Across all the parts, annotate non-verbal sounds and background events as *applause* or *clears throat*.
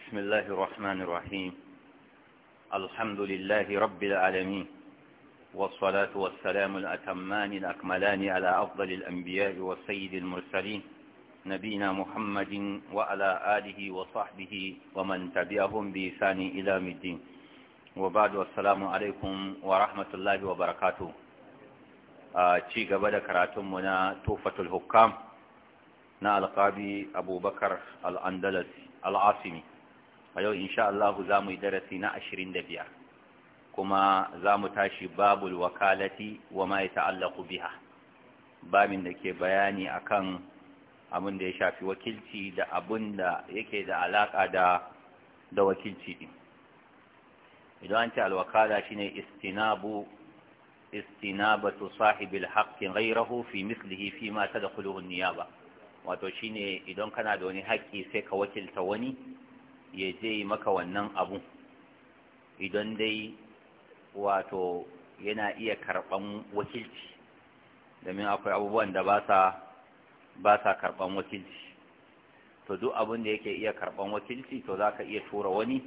بسم الله الرحمن الرحيم الحمد لله رب العالمين والصلاة والسلام الأتمان الأكملان على أفضل الأنبياء والسيد المرسلين نبينا محمد وعلى آله وصحبه ومن تبعهم بإسان إلى مدين وبعد والسلام عليكم ورحمة الله وبركاته ci gaba da karatunmu na tufatul hukam na alƙabi abubakar al'andalasi al'asimi a yau insha Allah za mu yi darasi na ashirin da biyar kuma za mu tashi babul wakalati wa ma ya ta'allaku biha babin da ke bayani akan abin da ya shafi wakilci da abin da yake da alaƙa da da wakilci din idan an ce alwakala shine istinabu istinabatu sahibil haqqi ghayrahu fi mislihi fi ma tadkhuluhu an-niyaba wato shine idan kana da wani haƙƙi sai ka wakilta wani ya je maka wannan abu idan dai wato yana iya karɓan wakilci domin akwai abubuwan da ba sa karɓan wakilci to duk abin da yake iya karɓan wakilci to za ka iya tura wani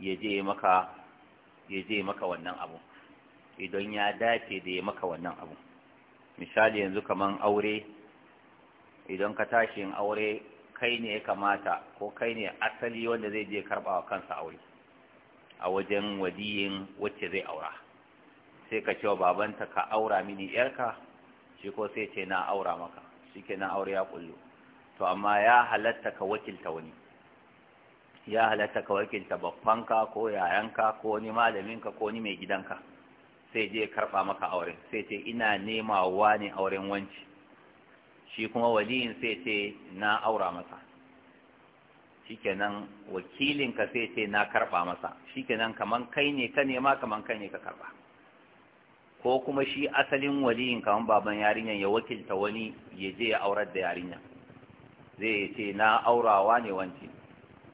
ya je maka ya je maka wannan abu idan ya dace da ya maka wannan abu misali yanzu kaman aure idan ka tashi yin aure kai ne ya kamata ko kai ne asali wanda zai je wa kansa aure a wajen wadiyin wacce zai aura sai ka cewa babanta ka aura mini yarka shi ko sai ce na aura maka shi ke na aure ya kullu to amma ya halatta ka wakilta wani ya halatta ka wakilta babbanka ko yayanka ko wani malaminka ko wani mai gidanka sai je karɓa maka auren sai ce ina nema wa ne auren wanci shi kuma waliyin sai ce na aura masa shikenan wakilinka sai ce na karba masa shikenan kaman kai ne ka nema kaman kai ne ka karba ko kuma shi asalin waliyin kaman baban yarinyar ya wakilta wani ya je ya aurar da yarinyan zai ce na aurawa ne wance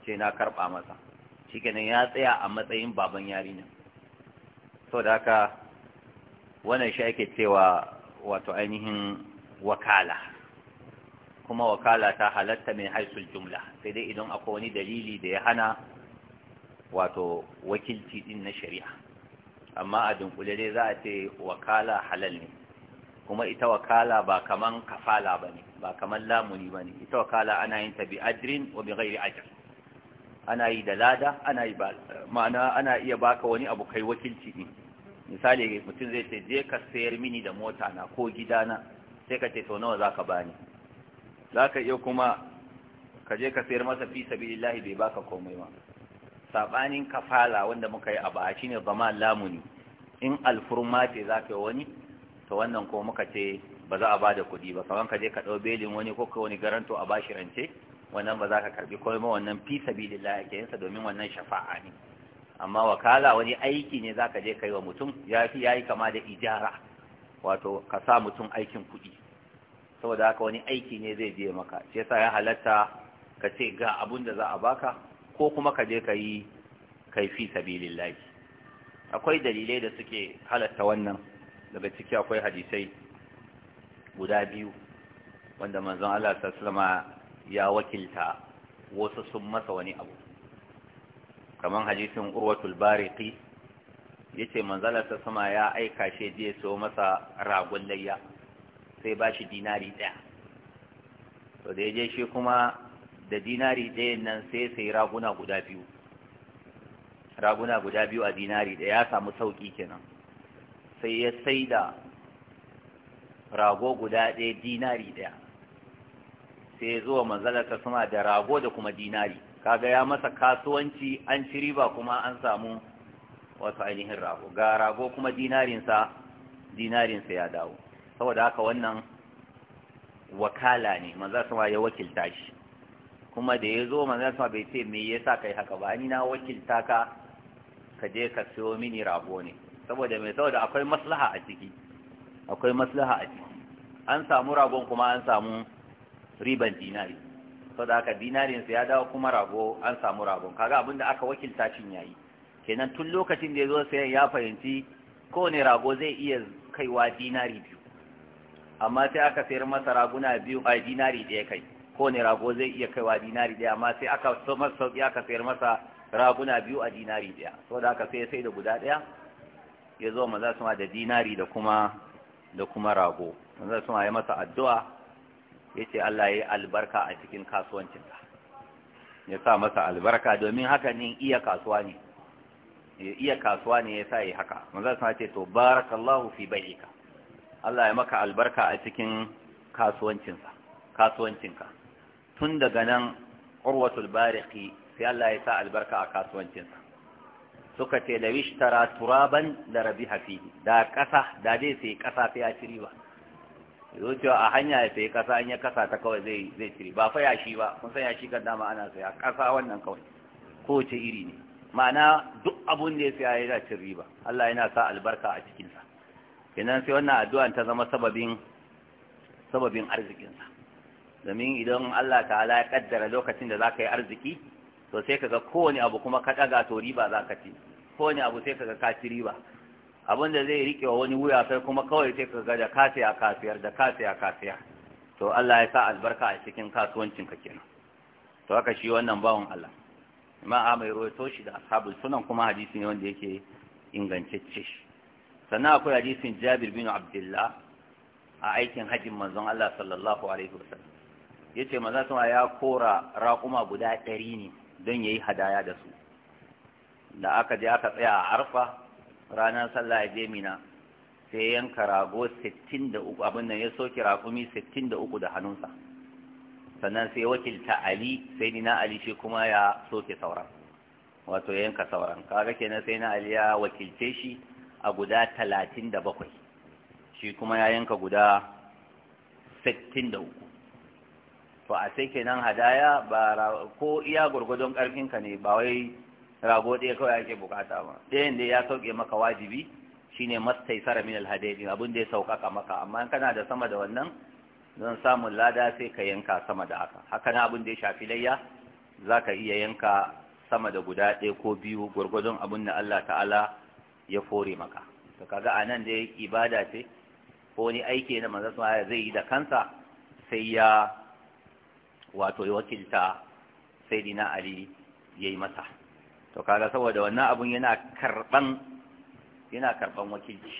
ce na karba masa shikenan ya tsaya a matsayin baban yarinyan so da haka wannan shi ake cewa wato ainihin wakala kuma wakala ta halatta mai haisul jumla sai dai idan akwai wani dalili da ya hana wato wakilci din na shari'a amma a dunkule dai za a ce wakala halal ne kuma ita wakala ba kaman kafala ba ne ba kaman lamuni ba ne ita wakala ana yin ta bi adrin wa bi ghairi ajr ana yi da lada ana yi ba ma'ana ana iya baka wani abu kai wakilci din misali mutum zai ce je ka sayar mini da mota na ko gidana sai ka ce to nawa zaka bani za ka iya kuma ka je ka sayar masa fi lillahi bai baka komai ba sabanin kafala wanda muka yi a ba shi shine zama lamuni in alfurma ce za ka yi wani to wannan ko muka ce ba za a ba da kuɗi ba kamar ka je ka ɗau belin wani ko wani garanto a bashi rance wannan ba za ka karbi komai ma wannan fi lillahi ake yinsa domin wannan shafa'a ne amma wakala wani aiki ne za ka je ka yi wa mutum ya yi kama da ijara wato ka sa mutum aikin kuɗi saboda haka wani aiki ne zai je maka shi yasa ya halatta ka ce ga abun da za a baka ko kuma ka je ka yi kaifi sabilillahi akwai dalilai da suke halatta wannan daga ciki akwai hadisai guda biyu wanda manzon Allah sallama ya wakilta wasu sun masa wani abu Kamar hadisin urwatul bariqi yace manzon Allah sallama ya aika shi je so masa ragon layya sai ba shi dinari ɗaya to da ya je shi kuma da dinari ɗaya nan sai sai raguna guda biyu raguna guda biyu a dinari ɗaya ya samu sauƙi kenan sai ya sai da rago guda ɗaya dinari ɗaya sai zuwa manzalarsa suna da rago da kuma dinari kaga ya masa kasuwanci an ci riba kuma an samu wasu ainihin rago ga rago kuma dinarinsa dinarinsa ya dawo saboda haka wannan wakala ne manzan sama ya wakilta shi kuma da ya zo manzan sama bai ce me yasa kai haka ba ni na wakilta ka ka je ka siyo mini rago ne saboda mai saboda akwai maslaha a ciki akwai maslaha a ciki an samu ragon kuma an samu riban dinari saboda haka dinarin su ya dawo kuma rago an samu ragon kaga da aka wakilta cin yayi kenan tun lokacin da ya zo sai ya fahimci kowane rago zai iya kaiwa dinari biyu amma sai aka sayar masa raguna biyu a dinari ɗaya kai ko ne rago zai iya kaiwa dinari ɗaya amma sai aka so masa sauki aka sayar masa raguna biyu a dinari ɗaya So da aka sai sai da guda ɗaya ya zo maza su ma da dinari da kuma da kuma rago maza su ma ya masa addu'a ya ce Allah ya yi albarka a cikin ka ya sa masa albarka domin haka ne iya kasuwa ne iya kasuwa ne ya sa yi haka maza su ma ce to barakallahu fi bai'ika Allah ya maka albarka a cikin kasuwancinsa kasuwancinka tun daga nan urwatul bariki sai Allah ya sa albarka a kasuwancinsa suka ce da turaban da rabi hafi, da ƙasa da zai sai ƙasa sai ya ci riba yau a hanya ya sai ƙasa an ya ƙasa ta kawai zai ciri, ba fa yashi ba kun san yashi kan dama ana saya ƙasa wannan kawai kowace iri ne ma'ana duk abun da ya saya yana cin riba Allah yana sa albarka a cikinsa kenan sai wannan addu'an ta zama sababin sababin arzikinsa domin idan Allah ta'ala ya kaddara lokacin da za ka yi arziki to sai kaga kowane abu kuma ka ɗaga to riba za ka ci kowane abu sai kaga ka ci riba abinda zai riƙe wa wani wuya sai kuma kawai sai kaga da ka a kafiyar da ka a kafiya to Allah ya sa albarka a cikin kasuwancin ka kenan to haka shi wannan bawan Allah imam Ahmad ya rawaito shi da ashabul sunan kuma hadisi ne wanda yake ingantacce shi sannan akwai hadisin jabir bin abdullah a aikin hajjin manzon Allah sallallahu alaihi wasallam yace manzon sama ya kora raƙuma guda ɗari ne don yayi hadaya da su da aka je aka tsaya a arfa ranar sallah ya je mina sai yanka rago 63 abin nan ya soke raƙumi 63 da hannunsa sannan sai wakilta ali sai ni na ali shi kuma ya soke sauran wato yanka sauran kaga kenan sai na ali ya wakilce shi a guda talatin da bakwai shi kuma ya yanka guda sittin da uku to a sai kenan hadaya ba ko iya gwargwadon ƙarfinka ne ba wai rago ɗaya kawai ake bukata ba ɗayan da ya sauke maka wajibi shine mastai sara min alhadayi abin da ya sauƙaƙa maka amma kana da sama da wannan don samun lada sai ka yanka sama da aka. haka na abin da ya shafi layya za ka iya yanka sama da guda ɗaya ko biyu gwargwadon abin da Allah ta'ala ya kore maka to kaga anan dai ibada ce ko ni aiki na manzon zai yi da kansa sai ya wato ya wakilta sayyidina ali yayi masa to kaga saboda wannan abun yana karban yana karban wakilci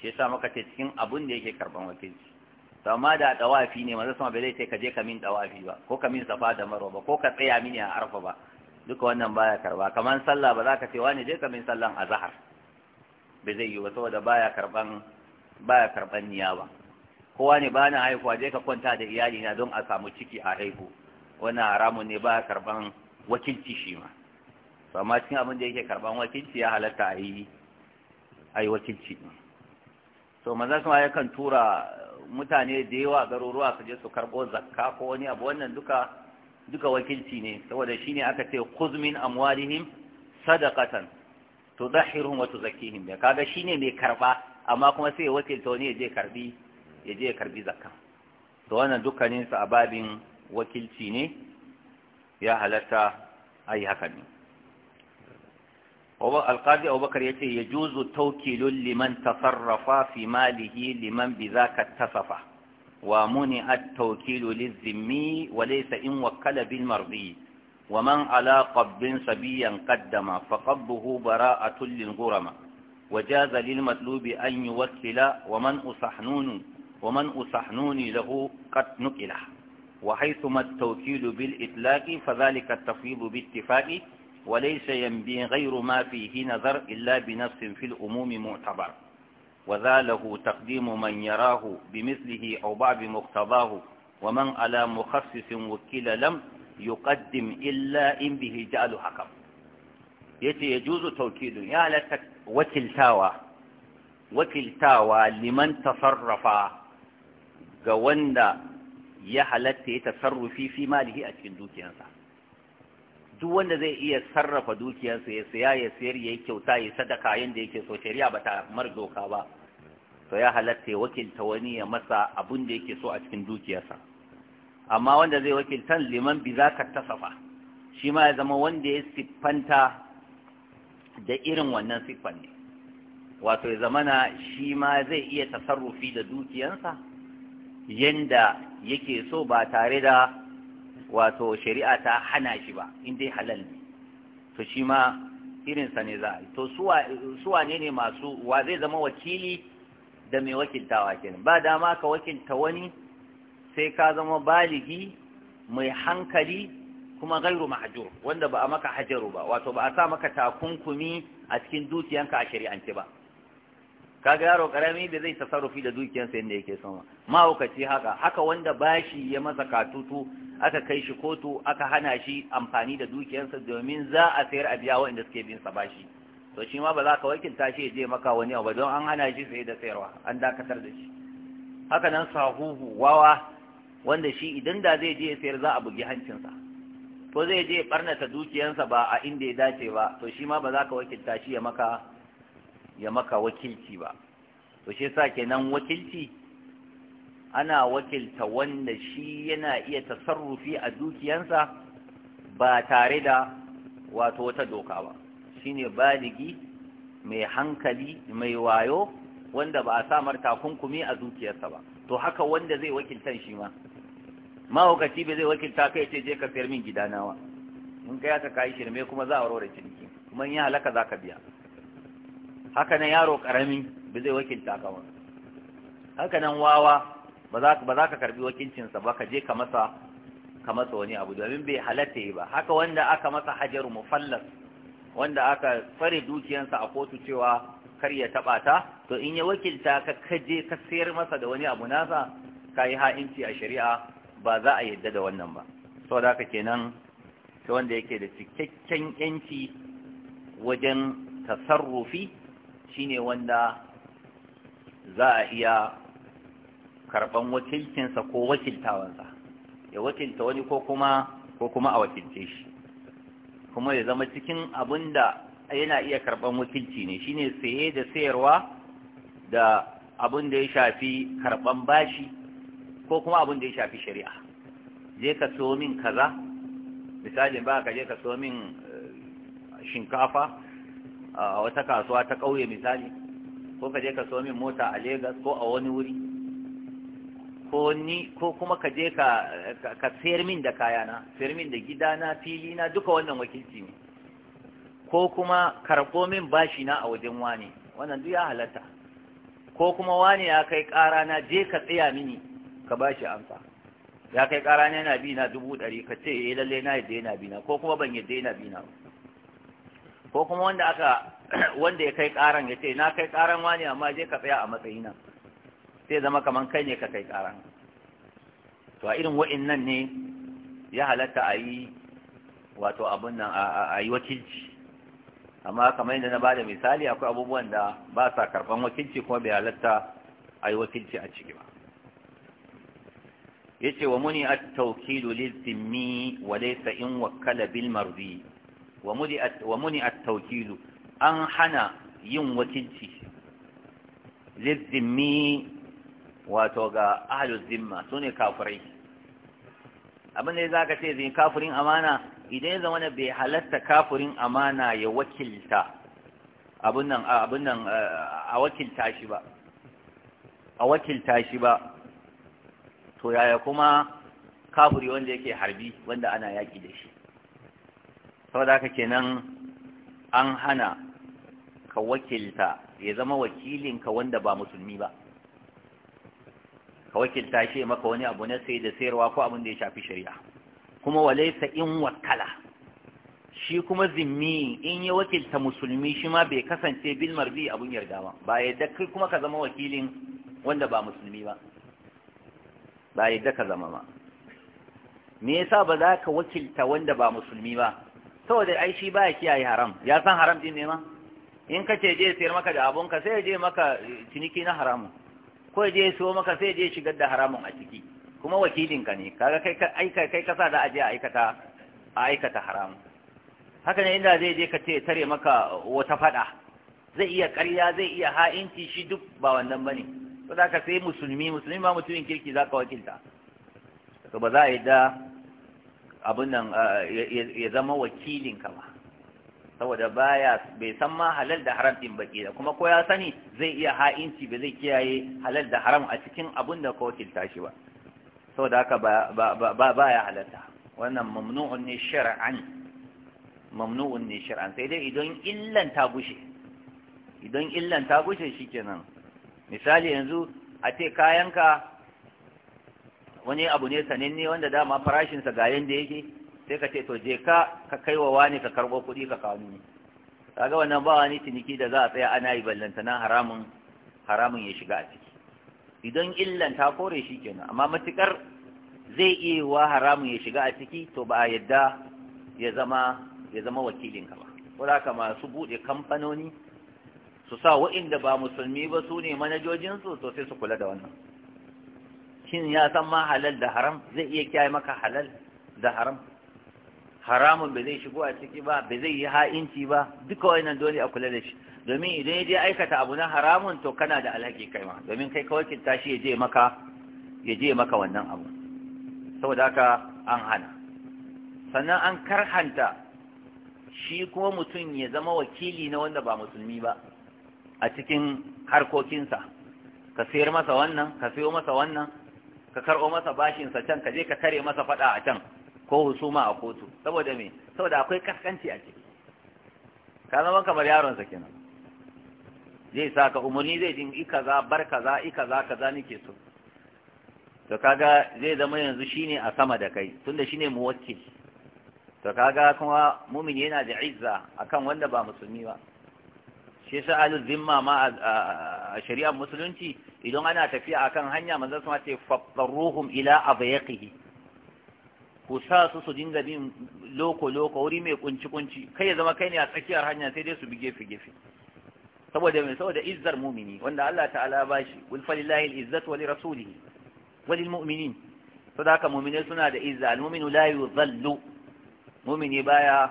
shi yasa muka ce cikin abun da yake karban wakilci to amma da dawafi ne manzo sama bai zai ce ka je ka min dawafi ba ko ka safa da marwa ba ko ka tsaya mini a arfa ba duka wannan baya karba kaman sallah ba za ka ce wani je ka min sallan azhar ba zai yi ba saboda baya karban baya karban niyawa kowa ne ba na haihuwa je ka kwanta da iyali na don a samu ciki a haihu wannan haramun ne baya karban wakilci shi ma to amma cikin abin da yake karban wakilci ya halatta a yi a yi wakilci to maza kuma yakan tura mutane da yawa garuruwa su je su karɓo zakka ko wani abu wannan duka duka wakilci ne saboda shine aka ce Kuzmin amwalihim sadaqatan tudahhiruhum wa tuzakkihim ya kaga shine mai karba amma kuma sai ya ta wani ya karbi ya karbi zakka to wannan dukkanin su ababin wakilci ne ya halatta ai haka ne wa alqadi abubakar yace yajuzu tawkilul liman tasarrafa fi malihi liman bidhaka tasafa wa muni at-tawkilu liz-zimmi wa laysa in wakkala bil mardi ومن على قب سبيا قدم فقبه براءة للغرم وجاز للمطلوب أن يوكل ومن أصحنون ومن أصحنون له قد نكله وحيثما التوكيل بالإطلاق فذلك التفويض باتفاق وليس ينبي غير ما فيه نظر إلا بنفس في الأموم معتبر وذا له تقديم من يراه بمثله أو بعض مقتضاه ومن على مخصص وكل لم yuqaddim illa in bihi ja'alu hakam yace yajuzu tawkilun ya la wakiltawa wakiltawa liman tasarrafa ga wanda ya halatta ya tasarrufi fi malihi a cikin dukiyarsa duk wanda zai iya sarrafa dukiyarsa ya saya ya sayar ya kyauta ya sadaka yanda yake so shari'a bata mar doka ba to ya halatta ya wakilta wani ya masa abun da yake so a cikin dukiyarsa amma wanda zai wakiltan liman bi za ka tasafa shi ma ya zama wanda ya siffanta da irin wannan siffan ne wato ya zama shi ma zai iya tasarrufi da dukiyansa yanda yake so ba tare da wato shari'a ta hana shi ba in dai halal ne to shi ma irinsa ne za a yi to suwa ne ne masu wa zai zama wakili da mai wakiltawa kenan ba dama ka wakilta wani sai ka zama baligi mai hankali kuma gairu mahajur wanda ba a maka hajaru ba wato ba a sa maka takunkumi a cikin dukiyanka a shari'ance ba Ka ga yaro karami da zai tasarrufi da dukiyansa yadda yake son mahaukaci haka haka wanda bashi ya masa katutu aka kai shi kotu aka hana shi amfani da dukiyansa domin za a sayar a biya wanda suke bin sa bashi to shi ma ba za ka wakilta shi ya je maka wani abu don an hana shi sai da sayarwa an dakatar da shi haka nan sahuhu wawa wanda shi idan da zai je sayar za a bugi hancinsa ko zai je barnata dukiyansa ba a inda ya dace ba to shi ma ba za ka wakilta shi ya maka ya maka wakilci ba to shi yasa kenan wakilci ana wakilta wanda shi yana iya tasarrufi a dukiyansa ba tare da wato wata doka ba shine baligi mai hankali mai wayo wanda ba a samar takunkumi a dukiyarsa ba to haka wanda zai wakiltan shi ma mahaukaci bai zai wakilta kai ce je ka sayar min gida nawa in kai aka kai shirme kuma za a rora ciniki kuma in ya halaka za ka biya haka nan yaro karami bai zai wakilta ka ba haka nan wawa ba za ka karbi wakilcinsa ba ka je ka masa ka masa wani abu domin bai halatta ba haka wanda aka masa hajaru mufallas wanda aka tsare dukiyansa a kotu cewa kar ya taba ta to in ya wakilta ka kaje ka sayar masa da wani abu nasa ka yi ha'inci a shari'a ba za a yadda da wannan ba sau da haka kenan shi wanda yake da cikakken yanci wajen tasarrufi shine wanda za a iya karɓan wakilcinsa ko wakiltawansa ya wakilta wani ko kuma ko kuma a wakilce shi kuma ya zama cikin abin da yana iya karɓan wakilci ne shine saye da sayarwa da abin da ya shafi karɓan bashi ko kuma abin da ya shafi shari'a je ka so min kaza misalin ba ka je ka so min eh, shinkafa a wata kasuwa ta ƙauye misali ko ka je ka so min mota a Legas ko a wani wuri ko ni ko kuma ka je ka sayar min da kayana sayar min da gidana filina duka wannan wakilci ne ko kuma karɓo min bashi na a wajen wani wannan duk ya halatta ko kuma wani ya kai ƙara na je ka tsaya mini ka ba shi amsa ya kai kara ne yana bi na dubu ɗari ka ce ya eh, lalle na yadda yana bi na ko kuma ban yadda yana bi na ko kuma wanda aka *clears throat* wanda ya kai karan ya ce na kai karan wani amma je ka tsaya a matsayi na sai zama kaman kai ne ka kai ƙaran to a irin wa'innan ne ya halatta a yi wato abun nan a yi wakilci amma kamar yadda na bada misali akwai abubuwan da ba sa karɓan wakilci kuma bai halatta a yi wakilci a ciki ba yace wa muni at-tawkilu lil-zimmi wa laysa in wakkala bil mardi wa muni wa muni at-tawkilu an hana yin wakilci lil-zimmi wato ga ahlul zimma sune kafirai abin da zaka ce zai kafirin amana idan ya zama bai halatta kafirin amana ya wakilta abin nan a wakilta shi ba a wakilta shi ba to yaya kuma kafuri wanda yake harbi wanda ana yaƙi da shi saboda haka kenan an hana ka wakilta ya zama wakilinka wanda ba musulmi ba ka wakilta shi maka wani abu na sai da sayarwa ko abin da ya shafi shari'a kuma walaisa in wakala shi kuma zimmi in ya wakilta musulmi shi ma bai kasance bil marbi abun yarda ba ba yadda kai kuma ka zama wakilin wanda ba musulmi ba ba yadda ka zama ba me yasa ba za ka wakilta wanda ba musulmi ba saboda ai shi ba ya kiyaye haram ya san haram din ne ma in ka ce je sayar maka da abunka sai je maka ciniki na haramun ko je siyo maka sai je shigar da haramun a ciki kuma wakilinka ne kaga kai ka aika kai kasa da aje a aikata a aikata haram. haka ne inda zai je ka ce tare maka wata fada zai iya ƙarya zai iya ha'inci shi duk ba wannan bane da ka sai musulmi musulmi ba mutumin kirki za ka wakilta to ba za a yi da abin nan ya zama wakilin ka ba saboda baya bai san ma halal da haram din baki da kuma ko ya sani zai iya ha'inci ba zai kiyaye halal da haram a cikin abin da ka wakilta shi ba saboda haka ba ya halalta wannan mamnu'un ne shar'an mamnu'un ne shar'an sai dai idan illan ta gushe idan illan ta gushe shikenan misali yanzu a ce kayanka wani abu ne sananne wanda dama farashinsa ga yanda yake sai ka ce to je ka ka kai wa wani ka karɓo kuɗi ka kawo ni kaga wannan ba wani ciniki da za a tsaya ana yi ballantana haramun haramun ya shiga a ciki idan illan ta kore shi kenan amma matukar zai iya wa haramun ya shiga a ciki to ba a yadda ya zama wakilinka ba ko masu buɗe kamfanoni su sa wa'inda ba musulmi ba su ne manajojinsu to sai su kula da wannan shin ya san ma halal da haram zai iya kiyaye maka halal da haram haramun ba zai shigo a ciki ba ba zai yi ha'inci ba duka wannan dole a kula da shi domin idan ya je aikata abu na haramun to kana da alhaki kai ma domin kai kawai kin tashi ya je maka ya maka wannan abu saboda haka an hana sannan an karhanta shi kuma mutum ya zama wakili na wanda ba musulmi ba a cikin harkokinsa ka sayar masa wannan ka sayo masa wannan ka karɓo masa bashinsa can ka je ka kare masa faɗa a can ko husuma a kotu saboda me saboda akwai kaskanci a ciki ka zama kamar yaronsa kenan zai sa ka umarni zai jin ika kaza bar kaza za kaza kaza nike so to kaga zai zama yanzu shine a sama da kai tunda shine muwakkil to kaga kuma mumin yana da izza akan wanda ba musulmi ba shi yasa ahlul zimma ma a shari'ar musulunci idan ana tafiya akan hanya manzon sama ce fattaruhum ila abyaqihi ku sa su su dinga bin loko loko wuri mai kunci kunci kai ya zama kai ne a tsakiyar hanya sai dai su bi gefe gefe saboda mai saboda izzar mumini wanda Allah ta'ala ba shi wal falillahi izzatu wa li rasulihi wa lil mu'minin saboda haka mu'mine suna da izza al-mu'minu la yuzallu mu'mini baya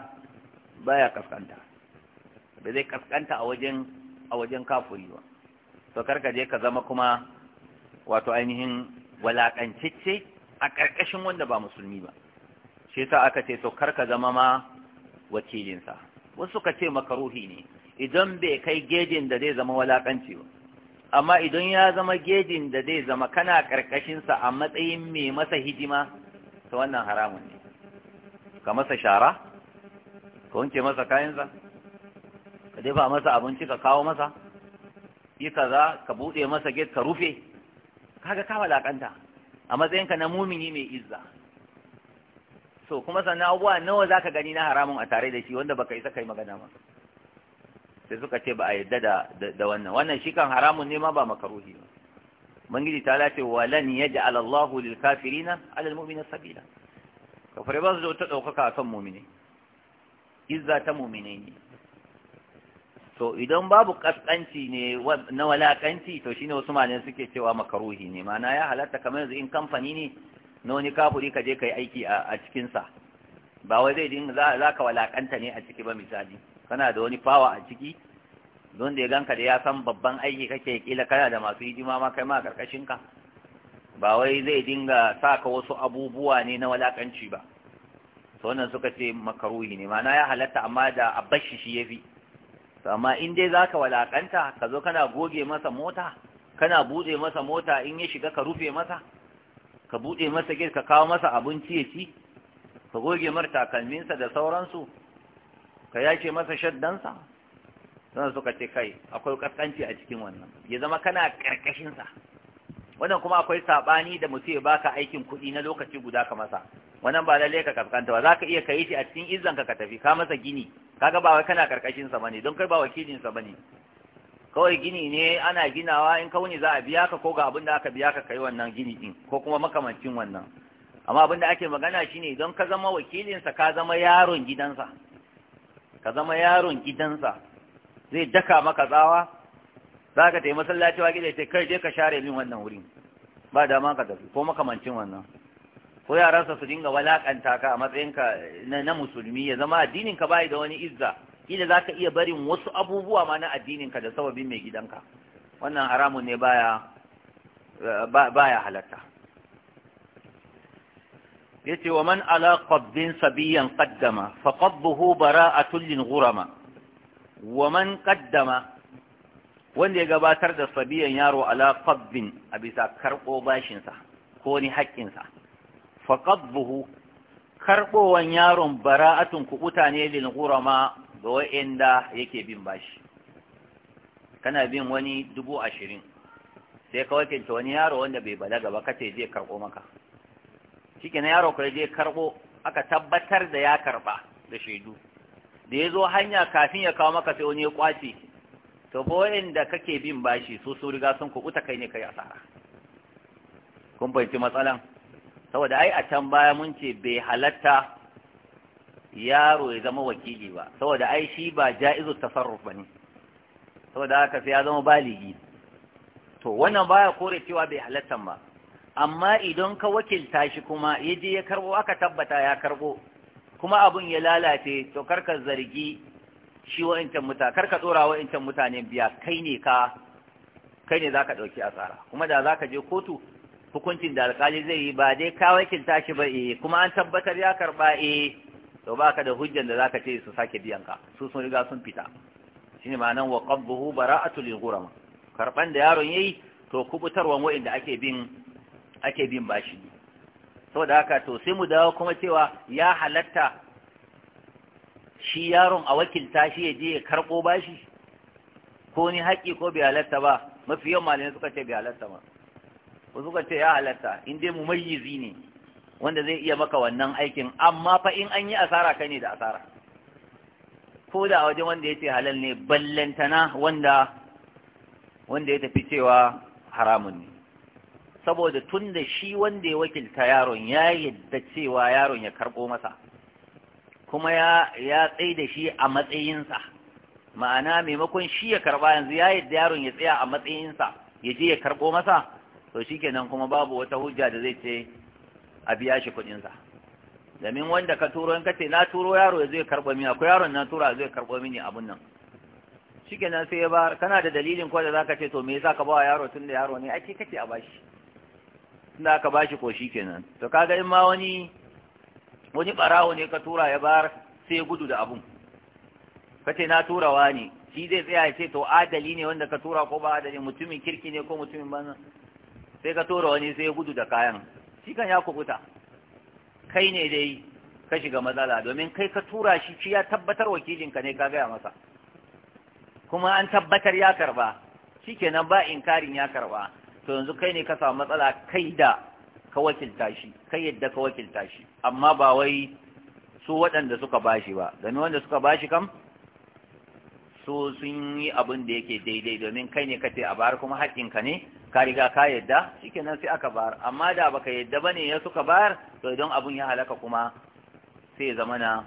baya kaskanta ba zai kaskanta a wajen a wajen kafuri ba to karka je ka zama kuma wato ainihin walakancicce a ƙarƙashin wanda ba musulmi ba shi yasa aka ce to karka zama ma wakilinsa wasu ka ce makaruhi ne idan bai kai gejin da zai zama walakanci ba amma idan ya zama gejin da zai zama kana ƙarƙashinsa a matsayin mai masa hidima ta wannan haramun ne ka masa shara ka wanke masa kayansa ka dafa masa abinci ka kawo masa yi kaza ka buɗe masa gate ka rufe kaga ka walakanta a matsayinka na mumini mai izza so kuma sannan abubuwa nawa za ka gani na haramun a tare da shi wanda baka isa kai magana ba sai suka ce ba a yadda da da wannan wannan shi kan haramun ne ma ba makaruhi ba bangiji ta lace lan yaj'al Allahu lil kafirina ala al mu'minina sabila kafare ba su ta dauka akan mu'mini izza ta mu'mine ne to idan babu kaskanci ne na walakanci to shi ne wasu malamai suke cewa makaruhi ne Mana ya halatta kamar yanzu in kamfani ne na wani kafuri ka je ka yi aiki a cikinsa. ba wai zai dinga za ka walakanta ne a ciki ba misali kana da wani fawa a ciki don da ya ganka da ya san babban aiki kake kila kana da masu hidima ma kai ma karkashin ka ba wai zai dinga sa ka wasu abubuwa ne na walakanci ba to wannan suka ce makaruhi ne Mana ya halatta amma da abashi shi yafi amma in dai za ka walaƙanta ka zo kana goge masa mota kana bude masa mota in ya shiga ka rufe masa ka bude masa gate ka kawo masa abinci ya ci ka goge mar takalminsa da sauransu ka yace masa shaddansa sannan suka ce kai akwai ƙasƙanci a cikin wannan ya zama kana ƙarƙashinsa. wannan kuma akwai saɓani da mutum ya baka aikin kuɗi na lokaci guda ka masa wannan ba lalle ka ƙasƙanta ba za ka iya kai shi a cikin izzanka ka tafi ka masa gini kaga ba wai kana karkashin sa bane don kai ba wakilin sa bane kawai gini ne ana ginawa in kauni za a biya ka ko ga abin da aka biya ka kai wannan gini din ko kuma makamancin wannan amma abin da ake magana shine idan ka zama wakilinsa ka zama yaron gidansa ka zama yaron gidansa zai daka maka tsawa za ka masallaci wa gida kai je ka share min wannan wurin ba dama ka tafi ko makamancin wannan ko yaransa su dinga walakanta ka a matsayinka na musulmi ya zama addinin ka bai da wani izza kila zaka iya barin wasu abubuwa ma na addininka da sababin mai gidanka wannan haramun ne baya baya halatta yace wa man ala qabdin sabiyan qaddama fa qabbuhu bara'atun lin ghurama wa man qaddama wanda ya gabatar da sabiyan yaro ala qabbin a bisa karɓo bashinsa ko ni haƙƙinsa faqadbuhu karɓowan yaron bara'atun kubuta ne lil ga wa'inda yake bin bashi kana bin wani dubu ashirin sai ka wakilta wani yaro wanda bai balaga ba kace zai karɓo maka shike na yaro kai zai karɓo aka tabbatar da ya karɓa da shaidu da ya zo hanya kafin ya kawo maka sai wani ya kwace to fa wa'inda kake bin bashi su su riga sun kuɓuta kai ne kai asara kun fahimci matsalan saboda ai a can baya mun ce bai halatta yaro ya zama wakili ba saboda ai shi ba ja'izu tasarruf bane saboda haka sai ya zama baligi to wannan baya kore cewa bai halatta ba amma idan ka wakilta shi kuma yaje ya karbo aka tabbata ya karbo kuma abun ya lalace to karka zargi shi wa'incan mutane karka tsora wa'incan mutane biya kai ne ka kai ne zaka dauki asara kuma da zaka je kotu hukuncin da alkali zai yi ba dai ka wakilta shi ba eh kuma an tabbatar ya karba eh to baka da hujjan da zaka ce su sake biyan ka su sun riga sun fita shine ma'anan wa bara? bara'atu lil gurama. karban da yaron yayi to kubutarwan wa'inda ake bin ake bin bashi saboda haka to sai mu dawo kuma cewa ya halatta shi yaron a wakilta shi ya je ya karbo bashi ko ni haƙi ko bai halatta ba mafi yawan malamai suka ce bai halatta ba Ku suka ce ya halatta in dai mumayyizi ne wanda zai iya maka wannan aikin amma fa in an yi asara ka ne da asara ko da wajen wanda ya ce halal ne ballantana wanda wanda ya tafi cewa haramun ne saboda tun da shi wanda ya wakilta yaron ya yadda cewa yaron ya karɓo masa kuma ya ya tsai da shi a matsayinsa ma'ana maimakon shi ya karɓa yanzu ya yadda yaron ya tsaya a matsayinsa ya je ya karɓo masa to shikenan kuma babu wata hujja da zai ce a biya shi kuɗinsa. domin wanda ka turo in ka ce na turo yaro ya zai karɓo mini akwai yaron na tura zai karɓo mini abun nan shikenan sai ya ba kana da dalilin ko da za ka ce to me sa ka ba wa yaro tun da yaro ne ake kake a bashi da aka bashi ko shikenan to kaga in ma wani wani barawo ne ka tura ya bar sai gudu da abun ce na turawa ne shi zai tsaya ya ce to adali ne wanda ka tura ko ba adali mutumin kirki ne ko mutumin banza sai ka tura wani sai ya gudu da kayan shi kan ya kubuta kai ne dai ka shiga matsala domin kai ka tura shi shi ya tabbatar wakilinka ne ka gaya masa kuma an tabbatar ya karba shi kenan ba inkarin ya karba to yanzu kai ne ka samu matsala kai da ka wakilta shi kai yadda ka wakilta shi amma ba wai su waɗanda suka bashi ba domin wanda suka bashi kam so sun yi abin da yake daidai domin kai ne kace a bayar kuma haƙƙinka ne ka riga ka yadda shikenan sai aka bayar amma da baka yadda bane ya suka bayar to idan abun ya halaka kuma sai ya zama na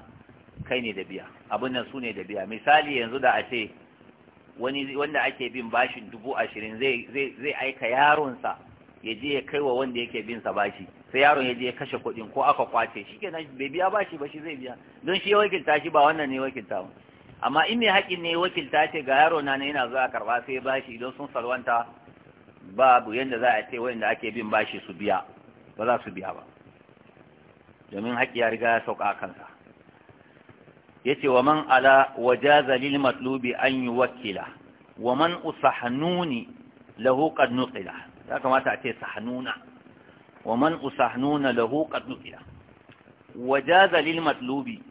kai ne da biya abin nan su ne da biya misali yanzu da a ce wani wanda ake bin bashin dubu ashirin zai aika yaronsa ya je ya kai wa wanda yake bin sa bashi sai yaron ya je ya kashe kuɗin ko aka kwace shikenan bai biya bashi ba shi zai biya don shi ya wakilta shi ba wannan ne wakilta ba amma in mai haƙin ne wakilta ce ga yaro na yana zuwa karɓa sai bashi idan sun salwanta babu yadda za a ce wanda ake bin bashi su biya ba za su biya ba domin haƙi ya riga ya sauka kansa ya ce wa man ala waje zalil matlubi an yi wakila wa man usahnuni lahu qad nuqila ya kamata a ce sahanuna wa man usahnuna lahu qad nuqila waje zalil matlubi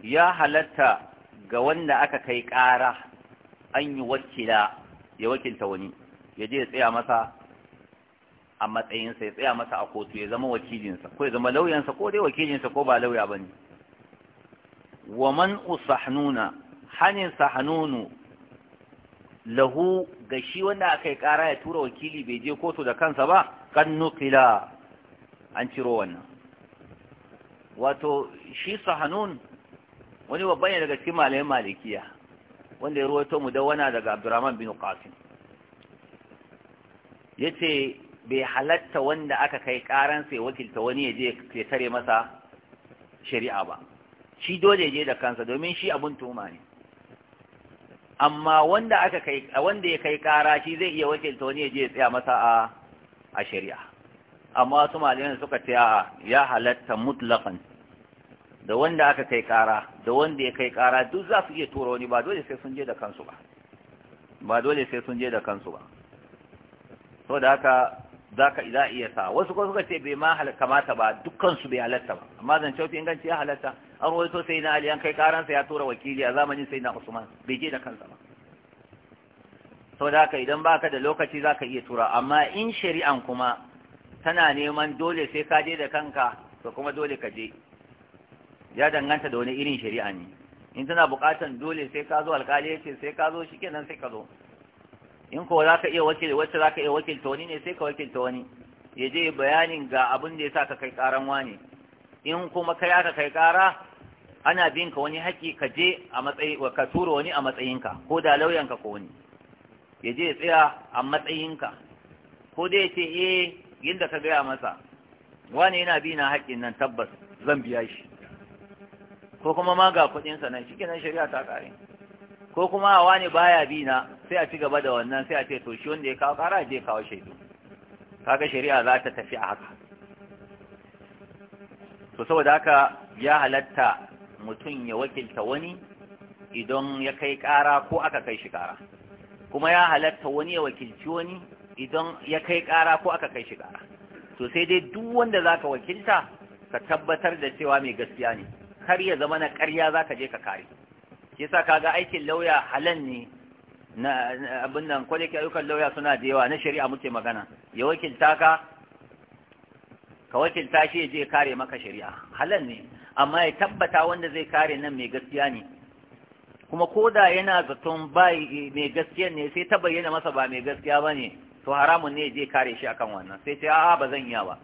ya halatta ga wanda aka kai ƙara an yi wakila ya wakilta wani ya je ya tsaya masa a matsayinsa ya tsaya masa a kotu ya zama wakilinsa ko ya zama lauyansa ko dai wakilinsa ko ba lauya ba ne wa man usahnuna hanin sahanunu lahu ga shi wanda aka yi ƙara ya tura wakili bai je kotu da kansa ba kan nukila an ciro wannan wato shi sahanun wani babban ne daga cikin malayan malikiya wanda ya ruwaito mu dawana daga abdurrahman bin qasim yace bai halatta wanda aka kai karan sai wakilta wani ya je ya tare masa shari'a ba shi dole je da kansa domin shi abun tuma ne amma wanda aka kai wanda ya kai kara shi zai iya wakilta wani ya je ya tsaya masa a a shari'a amma su malayan suka ce a ya halatta mutlaqan da wanda aka kai kara da wanda ya kai kara duk za su iya tura wani ba dole sai sun je da kansu ba ba dole sai sun je da kansu ba so da haka za ka za iya sa wasu ko suka ce bai ma kamata ba dukkan su bai halatta ba amma zan cewa inganci ya halatta an rawaito sai na ali an kai sa ya tura wakili a zamanin sai na usman bai je da kansa ba sau da haka idan baka da lokaci za ka iya tura amma in shari'an kuma tana neman dole sai ka je da kanka to kuma dole ka je ya danganta da wani irin shari'a ne in tana buƙatan dole sai ka zo alƙali ya ce sai ka zo shi kenan sai ka zo in ko za ka iya wakil wacce za ka iya wakilta wani ne sai ka wakilta wani ya je bayanin ga abin da ya sa ka kai ƙaran wani in kuma kai aka kai ƙara ana bin ka wani haƙƙi ka je a matsayi ka tura wani a matsayinka ko da lauyanka ko wani ya je ya tsaya a matsayinka ko dai ya ce eh yinda ka gaya masa wani yana bi na haƙƙin nan tabbas zan biya shi ko kuma ma ga kuɗinsa nan shi kenan shari'a ta kare ko kuma a wani baya bi na sai a ci gaba da wannan sai a ce to shi wanda ya kawo ƙara je kawo shaidu kaga shari'a za ta tafi a haka to saboda haka ya halatta mutum ya wakilta wani idan ya kai ƙara ko aka kai shi ƙara kuma ya halatta wani ya wakilci wani idan ya kai kara ko aka kai shi kara to sai dai duk wanda za ka wakilta ka tabbatar da cewa mai gaskiya ne kar ya zama na ƙarya za ka je ka kare shi yasa kaga aikin lauya halal ne na abin nan ko dake ayyukan lauya suna da yawa na shari'a muke magana ya wakilta ka ka wakilta shi ya je kare maka shari'a halan ne amma ya tabbata wanda zai kare nan mai gaskiya ne kuma ko da yana zaton ba mai gaskiya ne sai ta bayyana masa ba mai gaskiya ba ne to haramun ne ya je kare shi akan wannan sai ce a'a ba zan yi ba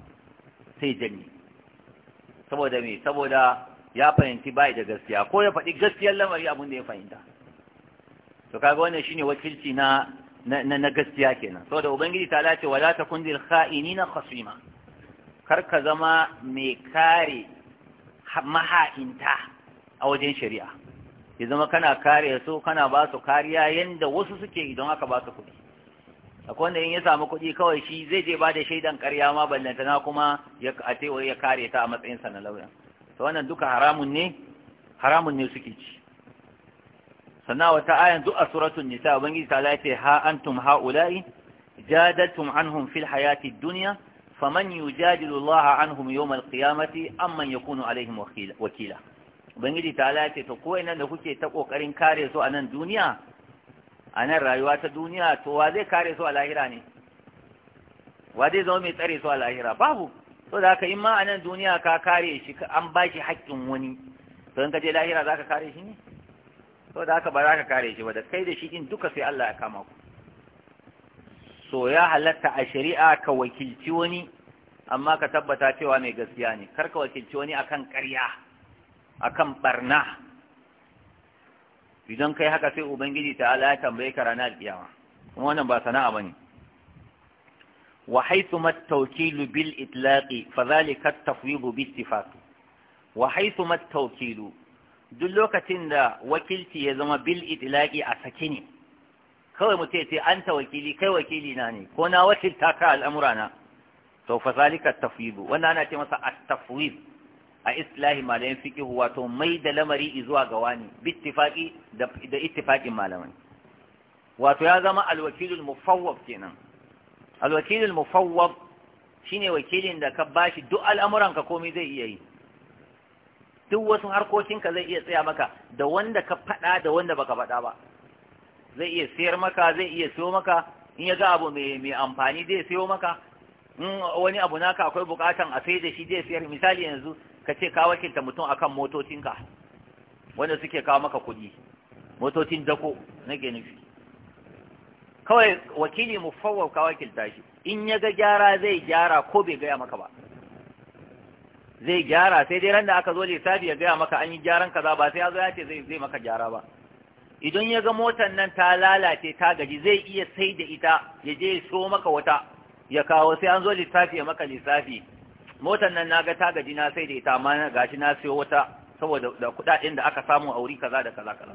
sai janye saboda me saboda ya fahimci bai da gaskiya ko ya faɗi gaskiyar lamari abin da ya fahimta to kaga wannan shine wakilci na na gaskiya kenan saboda ubangiji ta lace wala takun dil kha'inina khasima kar ka zama mai kare maha'inta a wajen shari'a ya zama kana kare su kana ba su kariya yanda wasu suke idan aka ba su kuɗi akwai wanda in ya samu kuɗi kawai shi zai je ba da shaidan ƙarya ma ballantana kuma ya a ya kare ta a matsayin sa na lauyan. to wannan duka haramun ne haramun ne suke ci sannan wata ayan duk a suratul nisa ubangiji ta lafi ha antum haula'i jadaltum anhum fil hayati dunya faman yujadilu Allah anhum yawm al-qiyamati amman yakunu alaihim wakila ubangiji ta lafi to ko ina da kuke ta kokarin kare su a nan duniya a nan rayuwa ta duniya to wa zai kare su a lahira ne wa zai zama mai tsare su a lahira babu so da haka in ma a nan duniya ka kare shi an ba shi haƙƙin wani to in ka je lahira za ka kare shi ne so da haka ba za ka kare shi ba da kai da shi in duka sai Allah ya kama ku so ya halatta a shari'a ka wakilci wani amma ka tabbata cewa mai gaskiya ne kar ka wakilci wani akan ƙarya akan barna idan kai haka sai ubangiji ta ala ya tambaye ka ranar kiyama kuma wannan ba sana'a bane وحيثما التوكيل بالإطلاق فذلك التفويض باتفاق وحيثما التوكيل duk lokacin da wakilci ya zama bil itilaki a sake ne kawai mutum ce an ta wakili kai wakili na ne ko na wakilta ka al'amura na to fa zalika tafwidu wannan ana ce masa at a islahi malamin fiqh wato mai da lamari zuwa ga wani bittifaqi da da ittifaqin malamai wato ya zama al-wakilul mufawwaf kenan alwakilul mufawwad shine wakilin da ka bashi duk al'amuranka komai zai iya yi duk wasu harkokinka zai iya tsaya maka da wanda ka faɗa da wanda baka faɗa ba zai iya siyar maka zai iya siyo maka in ya ga abu mai amfani zai siyo maka in wani abu naka akwai bukatan a sai da shi zai siyar misali yanzu ka ce ka wakilta mutum akan motocinka wanda suke kawo maka kuɗi motocin dako nake nufi kawai wakili mu ka wakilta shi in ya ga gyara zai gyara ko bai gaya maka ba zai gyara sai dai randa aka zo lissafi ya gaya maka an yi gyaran kaza ba sai ya zo ya ce zai zai maka gyara ba idan ya ga motar nan ta lalace ta gaji zai iya sai da ita ya je ya so maka wata ya kawo sai an zo lissafi ya maka lissafi motar nan naga ta gaji na sai da ita amma gashi na sayo wata saboda kudaden da aka samu a wuri kaza da kaza kaza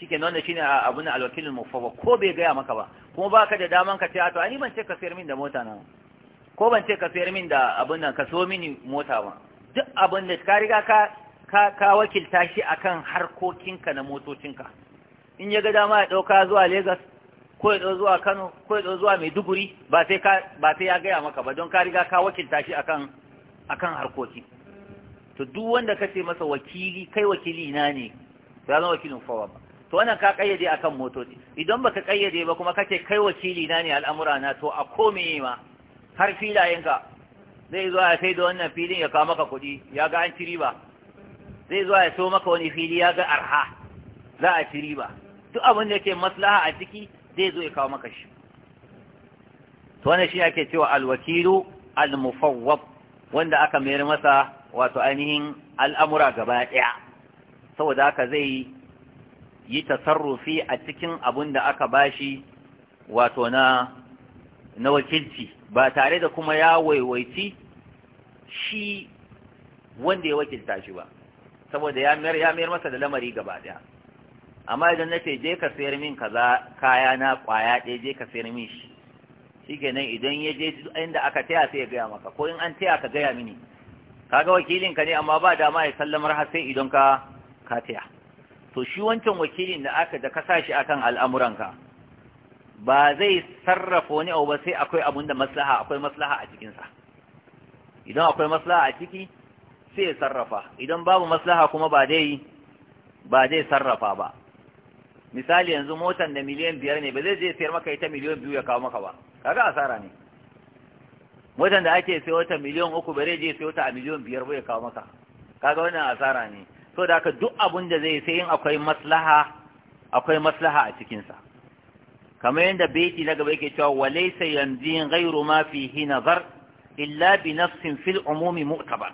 shike ne shine abun alwakilin mufawwa ko bai gaya maka ba kuma baka da daman ka ce a to ani ban ce ka sayar min da mota na ko ban ce ka sayar min da abun nan ka so mini mota ba duk abun da ka riga ka ka ka wakilta shi akan harkokinka na motocinka in ya ga dama ya dauka zuwa Lagos ko ya zuwa Kano ko ya zuwa Maiduguri ba sai ka ba sai ya gaya maka ba don ka riga ka wakilta shi akan akan harkoki to duk wanda kace masa wakili kai wakili na ne ya zama wakilin fawa ba to wannan ka kayyade akan motoci idan baka kayyade ba kuma kace kai wakili na ne al'amura na to a komai ma har filayenka zai zo ya saida da wannan filin ya kawo maka kuɗi ya ga an ci riba zai zo ya so maka wani fili ya ga arha za a ci riba duk abin da yake maslaha a ciki zai zo ya kawo maka shi to wannan shi ake cewa alwakilu almufawwab wanda aka mayar masa wato ainihin al'amura gaba ɗaya saboda haka zai yi tasarrufi a cikin abun da aka bashi wato na na wakilci ba tare da kuma ya waiwaici shi wanda ya wakilta shi ba saboda ya mayar ya mayar masa da lamari gaba daya amma idan nace je ka sayar min kaza kaya na kwaya ɗaya je ka sayar min shi shikenan idan ya je inda aka taya sai ya gaya maka ko in an taya ka gaya mini kaga wakilin ka ne amma ba dama ya sallamar har sai idan ka ka taya to shi wancan wakilin da aka da kasa sashi akan al'amuranka ba zai sarrafa wani abu ba sai akwai abun da maslaha akwai maslaha a cikinsa idan akwai maslaha a ciki sai ya sarrafa idan babu maslaha kuma ba dai ba zai sarrafa ba misali yanzu motan da miliyan biyar ne ba zai je sayar maka ita miliyan biyu ya kawo maka ba kaga asara ne motan da ake sayo ta miliyan uku ba zai je sayo ta a miliyan biyar ba ya kawo maka kaga wannan asara ne so da haka duk abin da zai sai akwai maslaha akwai maslaha a cikinsa kamar yadda beti na gaba yake cewa walaysa yanzin ghayru ma fihi nazar illa bi nafsin fil umumi mu'tabar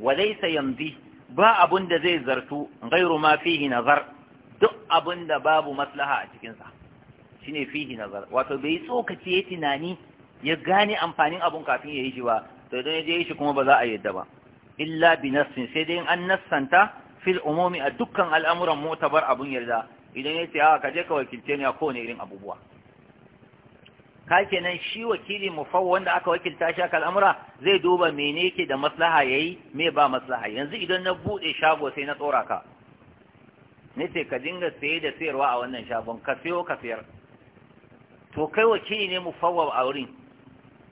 walaysa yanzi ba abun da zai zartu ghayru ma fihi nazar duk abun da babu maslaha a cikinsa shine fihi nazar wato bai tsokace tunani ya gane amfanin abun kafin ya yi shi ba to idan ya je shi kuma ba za a yadda ba illa bi nassin sai dai an nassanta fil umumi a dukkan al'amuran mutabar abun yarda idan ya ce ka je ka wakilce ni a kowane irin abubuwa ka kenan shi wakili mufaw wanda aka wakilta shi aka al'amura zai duba mene yake da maslaha yayi me ba maslaha yanzu idan na bude shago sai na tsora ka ce ka dinga saye da sayarwa a wannan shagon ka sayo ka sayar to kai wakili ne mufawwab a wurin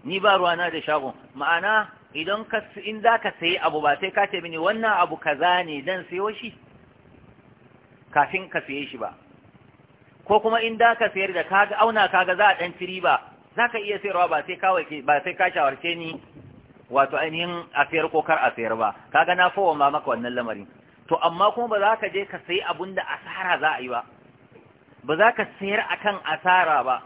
ni ba ruwana da shagon ma'ana idan ka in ka sayi abu ba sai ka ce mini wannan abu kaza ne zan sayo shi kafin ka saye shi ba ko kuma in da ka sayar da kaga auna kaga za a ɗan firi ba, za ka iya sayarwa ba sai ka ka shawarce ni wato ainihin a sayar ko kar a sayar ba kaga na fowa ma maka wannan lamarin to amma kuma ba za ka je ka sayi abun da asara za a yi ba ba za ka sayar akan asara ba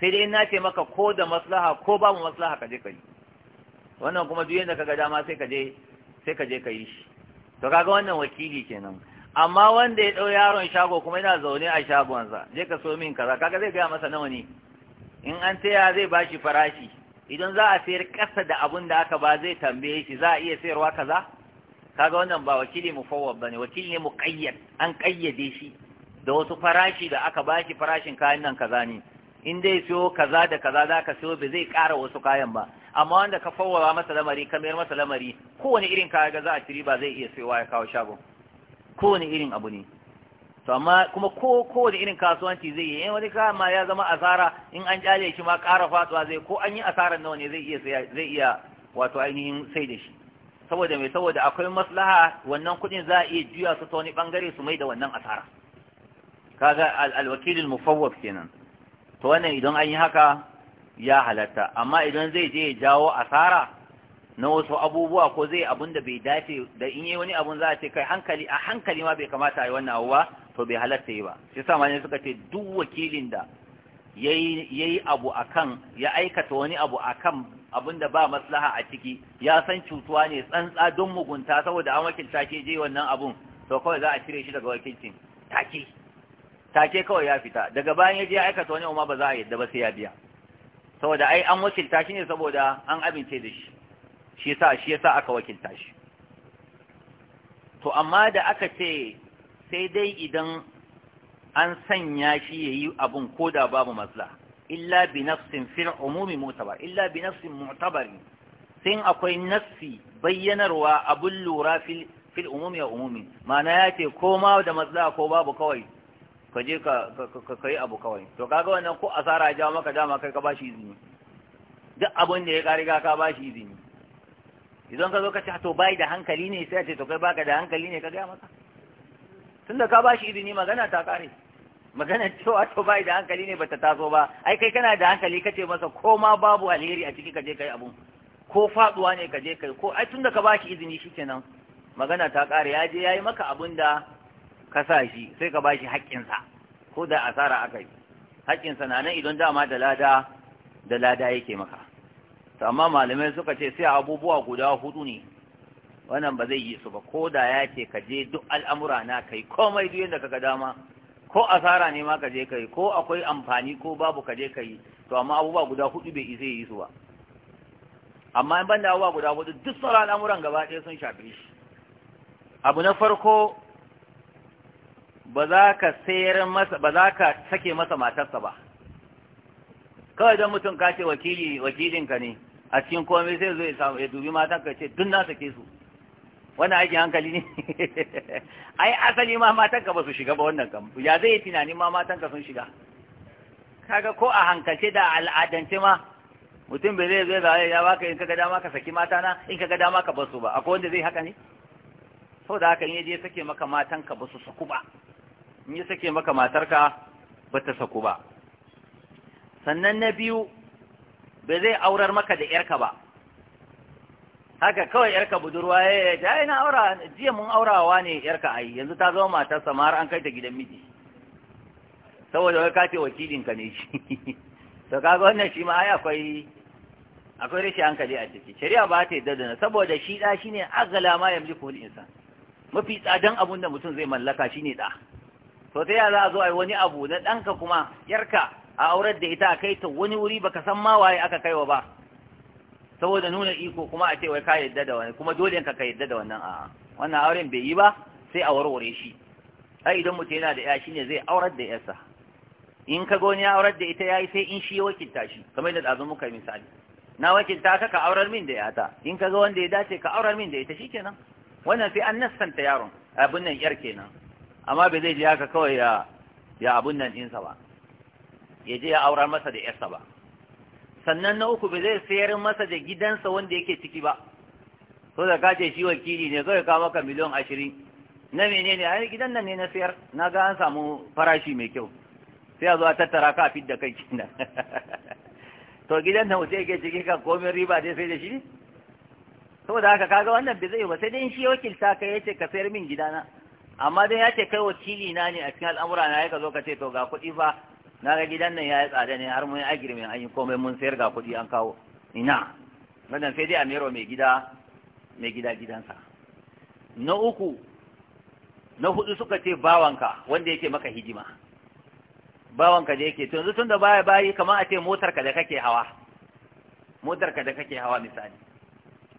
sai dai na ce maka ko da maslaha ko babu maslaha ka je ka yi wannan kuma duk yadda kaga dama sai kaje sai ka shi to kaga wannan wakili kenan amma wanda ya dau yaron shago kuma yana zaune a shagonsa je ka so min kaza kaga zai gaya masa nawa ne in an taya zai bashi farashi idan za a sayar kasa da abun da aka ba zai tambaye shi za a iya sayarwa kaza kaga wannan ba wakili mufawwad bane wakili ne muqayyad an kayyade shi da wasu farashi da aka bashi farashin kayan nan kaza ne in dai siyo kaza da kaza za ka siyo ba zai ƙara wasu kayan ba amma wanda ka fawwara masa lamari ka mayar masa lamari kowane irin kaya ga za a ciri ba zai iya siyowa ya kawo shago kowane irin abu ne to amma kuma ko kowane irin kasuwanci zai yi in wani kaya ma ya zama asara in an kyale shi ma ƙara fatuwa zai ko an yi asarar nawa ne zai iya zai iya wato ainihin sai da shi saboda mai saboda akwai maslaha wannan kuɗin za a iya juya su ta wani bangare su mai da wannan asara kaga al-wakilul mufawwaf kenan to wannan idan an yi haka ya halatta amma idan zai je ya jawo asara na wasu abubuwa ko zai abun da bai dace da in yi wani abun za a ce kai hankali a hankali ma bai kamata a yi wannan abuwa to bai halatta yi ba shi sa mani suka ce duk wakilin da ya yi abu akan ya aikata wani abu akan abun da ba maslaha a ciki ya san cutuwa ne tsantsa don mugunta saboda an wakilta ke je wannan abun to kawai za a cire shi daga wakilcin take take kawai ya fita daga bayan ya je aikata wani umma ba za a yadda ba sai ya biya saboda ai an wakilta shi ne saboda an amince da shi shi yasa shi yasa aka wakilta shi to amma da aka ce sai dai idan an sanya shi yayi abun koda babu maslaha illa bi nafsin fil umumi mu'tabar illa bi nafsin mu'tabar sai akwai nafsi bayyanarwa abun lura fil fil umumi ya umumi ma'ana ya ce ko ma da maslaha ko babu kawai ka je ka yi abu kawai to kaga wannan ko asara ya maka dama kai ka bashi izini duk abin da ya ka riga ka bashi izini idan ka zo ka ce to bai da hankali ne sai a ce to kai baka da hankali ne ka gaya tun tunda ka bashi izini magana ta kare magana cewa to bai da hankali ne bata taso ba ai kai kana da hankali kace masa ko ma babu alheri a ciki ka je kai abun ko faduwa ne ka je kai ko ai tunda ka bashi izini shikenan magana ta kare ya je yayi maka abun da ka sa shi sai ka bashi haƙƙinsa ko da asara aka yi haƙƙinsa na nan idan dama da lada da lada yake maka to amma malamai suka ce sai abubuwa guda hudu ne wannan ba zai yi su ba ko da ya ce ka je duk al'amura na kai komai duk yadda kaga dama ko asara ne ma ka je kai ko akwai amfani ko babu ka je kai to amma abubuwa guda hudu bai isa yi su ba amma in banda abubuwa guda hudu duk sauran al'amuran gaba ɗaya sun shafe shi abu na farko ba za ka sayar masa ba za ka sake masa matarsa ba kawai don mutum ka ce wakili wakilinka ne a cikin komai sai zo ya dubi matan ka ce duk na sake su wannan aikin hankali ne *laughs* ai asali ma matan ka ba su shiga ba wannan kam ya zai yi tunanin ma matan ka sun shiga kaga ko a hankalce da al'adance ma mutum bai zai zai zai ya baka in gada dama ka saki mata na in gada ma ka basu ba akwai wanda zai haka ne saboda haka in je sake maka matan ka basu saku ba in yi sake maka matarka ba ta saku ba sannan na biyu ba zai aurar maka da ‘yarka ba haka kawai ‘yarka budurwa ya eh, yi eh, ta yana aura jiya mun aurawa ne ‘yarka a yi yanzu ta zama matarsa ma har an kai ta gidan miji saboda wai kace wakilinka ne shi *laughs* to kaga wannan shi ma ai akwai akwai rashin hankali a ciki shari'a ba ta yadda da saboda shi da shine agala ma yamliku al insan mafi tsadan abun da mutum zai mallaka shine da to ta yaya za a zo a yi wani abu na ɗanka kuma yarka a aurar da ita a kai ta wani wuri baka san ma waye aka kaiwa ba saboda nuna iko kuma a ce wai ka yadda da wani kuma dole ka ka yadda da wannan a wannan auren bai yi ba sai a warware shi ai idan mutum yana da ya shine zai aurar da yarsa in ka ga wani aurar da ita yayi sai in shi ya wakilta shi kamar yadda azumu muka misali na wakilta ka ka aurar min da yata in ka ga wanda ya dace ka aurar min da ita shikenan wannan sai an nassanta yaron abin nan yar kenan amma bai zai je haka kawai ya ya abun nan ɗinsa ba ya je ya aurar masa da yarsa ba sannan na uku bai zai sayar masa da gidansa wanda yake ciki ba so da ka ce shi wakili ne zai kawo maka miliyan ashirin na menene a gidan nan ne na sayar na ga an samu farashi mai kyau sai a zo a tattara ka a fidda kai kenan *laughs* to gidan nan wuce yake ciki kan komai riba dai sai da shi saboda haka kaga wannan bai zai ba sai dai shi wakilta ka yace ka sayar min gidana amma dai ya ce kai wakili na ne a cikin al'amura na ya ka zo ka ce to ga kuɗi fa na ga gidan nan ya yi tsada ne har mun yi agirme an yi komai mun sayar ga kuɗi an kawo ina wannan sai dai a mero mai gida mai gida gidansa na uku na hudu suka ce bawanka wanda yake maka hidima bawanka da yake to yanzu tun da baya bayi kamar a ce motarka da kake hawa motarka da kake hawa misali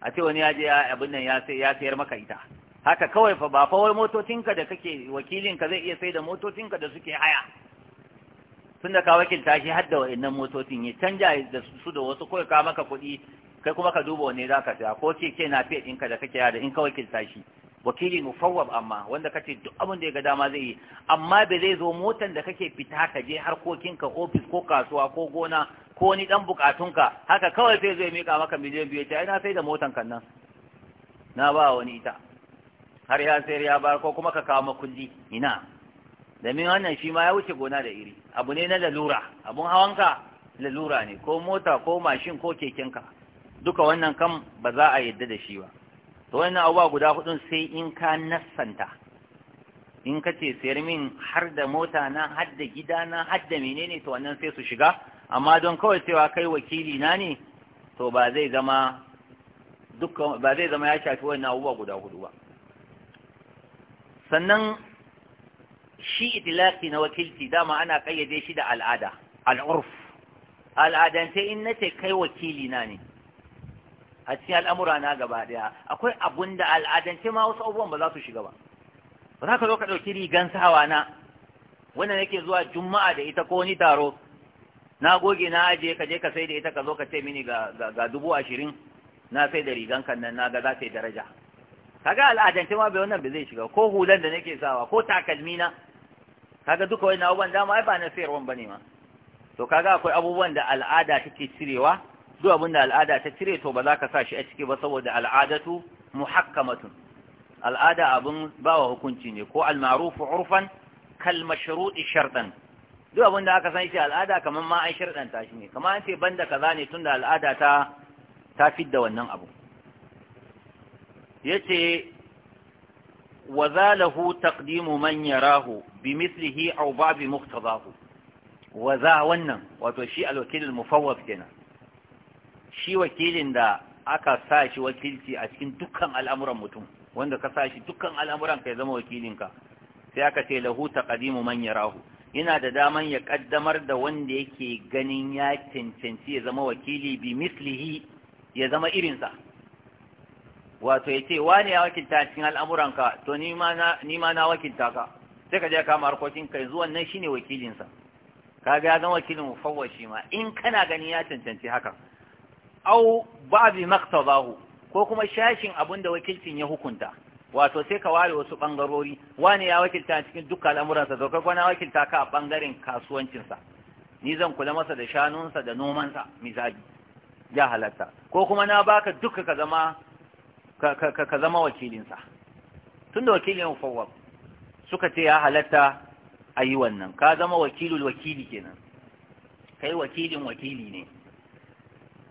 a ce wani ya je abin nan ya sayar maka ita haka kawai fa ba fawar motocinka da kake wakilinka zai iya sai da motocinka da suke haya tun da ka wakilta shi har da wa'annan motocin ya canja da su da wasu kawai ka maka kuɗi kai kuma ka duba wanne za ka siya ko keke na fiye ɗinka da kake da in ka wakilta shi wakili mufawwab amma wanda kace duk abin da ya ga dama zai yi amma ba zai zo motan da kake fita ka je harkokinka ofis ko kasuwa ko gona ko wani dan bukatunka haka kawai sai zai mika maka miliyan biyu ta ina sai da motan kan nan na ba wani ita har ya sayar ya bar ko kuma ka kawo makulli ina domin wannan shi ma ya wuce gona da iri abu ne na lalura abun hawanka lalura ne ko mota ko mashin ko keken ka. duka wannan kan ba za a yadda da shi ba to wannan abuwa guda hudun sai in ka nassanta in ka ce sayar min har da mota na har da gida na har da menene to wannan sai su shiga amma don kawai cewa kai wakili na ne to ba zai zama duka ba zai zama ya shafi wannan abubuwa guda hudu ba sannan shi itilaki na wakilci dama ana kayyade shi da al'ada al'urf al'adance in nace kai wakili na ne a cikin al'amura na gaba daya akwai abun da al'adance ma wasu abubuwan ba za su shiga ba ba za ka zo ka ɗauki rigan sawa na wanda nake zuwa juma'a da ita ko wani taro na goge na ajiye ka je ka sai da ita ka zo ka ce mini ga dubu ashirin na sai da rigan kan nan na ga za ta yi daraja kaga al'adance ma bai wannan ba zai shiga ko hulan da nake sawa ko takalmi na kaga duka wani abubuwan dama ai ba na sayarwan bane ma to kaga akwai abubuwan da al'ada take cirewa duk abin da al'ada ta cire to ba za ka sa shi a ciki ba saboda al'adatu muhakkamatun al'ada abin bawa hukunci ne ko al-ma'rufu urfan kal mashru'i shartan duk abin da aka san shi al'ada kamar ma an sharɗanta shi ne kamar an ce banda kaza ne tunda al'ada ta ta fidda wannan abu Ya yace wa zalahu taqdimu rahu, bi bimithlihi aw babi muqtadahu wa za wannan wato shi al-wakil al-mufawwad kenan shi wakilin da aka sa shi wakilci a cikin dukkan al'amuran mutum wanda ka sa shi dukkan al'amuran ka ya zama wakilinka sai aka ce lahu taqdimu man rahu, yana da daman ya ƙaddamar da wanda yake ganin ya cancanci ya zama wakili bi mislihi ya zama irinsa wato ya ce wane ya wakilta cikin al'amuranka to ni ma na wakilta ka sai ka je kama harkokin kai zuwa nan shine wakilinsa ka ga zan wakilin mufawwar shi ma in kana gani ya cancanci haka au babi maktabahu ko kuma shashin abin da wakilcin ya hukunta wato sai ka ware wasu bangarori wane ya wakilta cikin dukkan al'amuransa to kai na wakilta ka a bangaren kasuwancinsa ni zan kula masa da shanunsa da nomansa misali ya halatta ko kuma na baka duka ka zama ka zama wakilinsa tun da wakilin mufawwab suka ce ya halatta a yi wannan ka zama wakilul wakili kenan kai wakilin wakili ne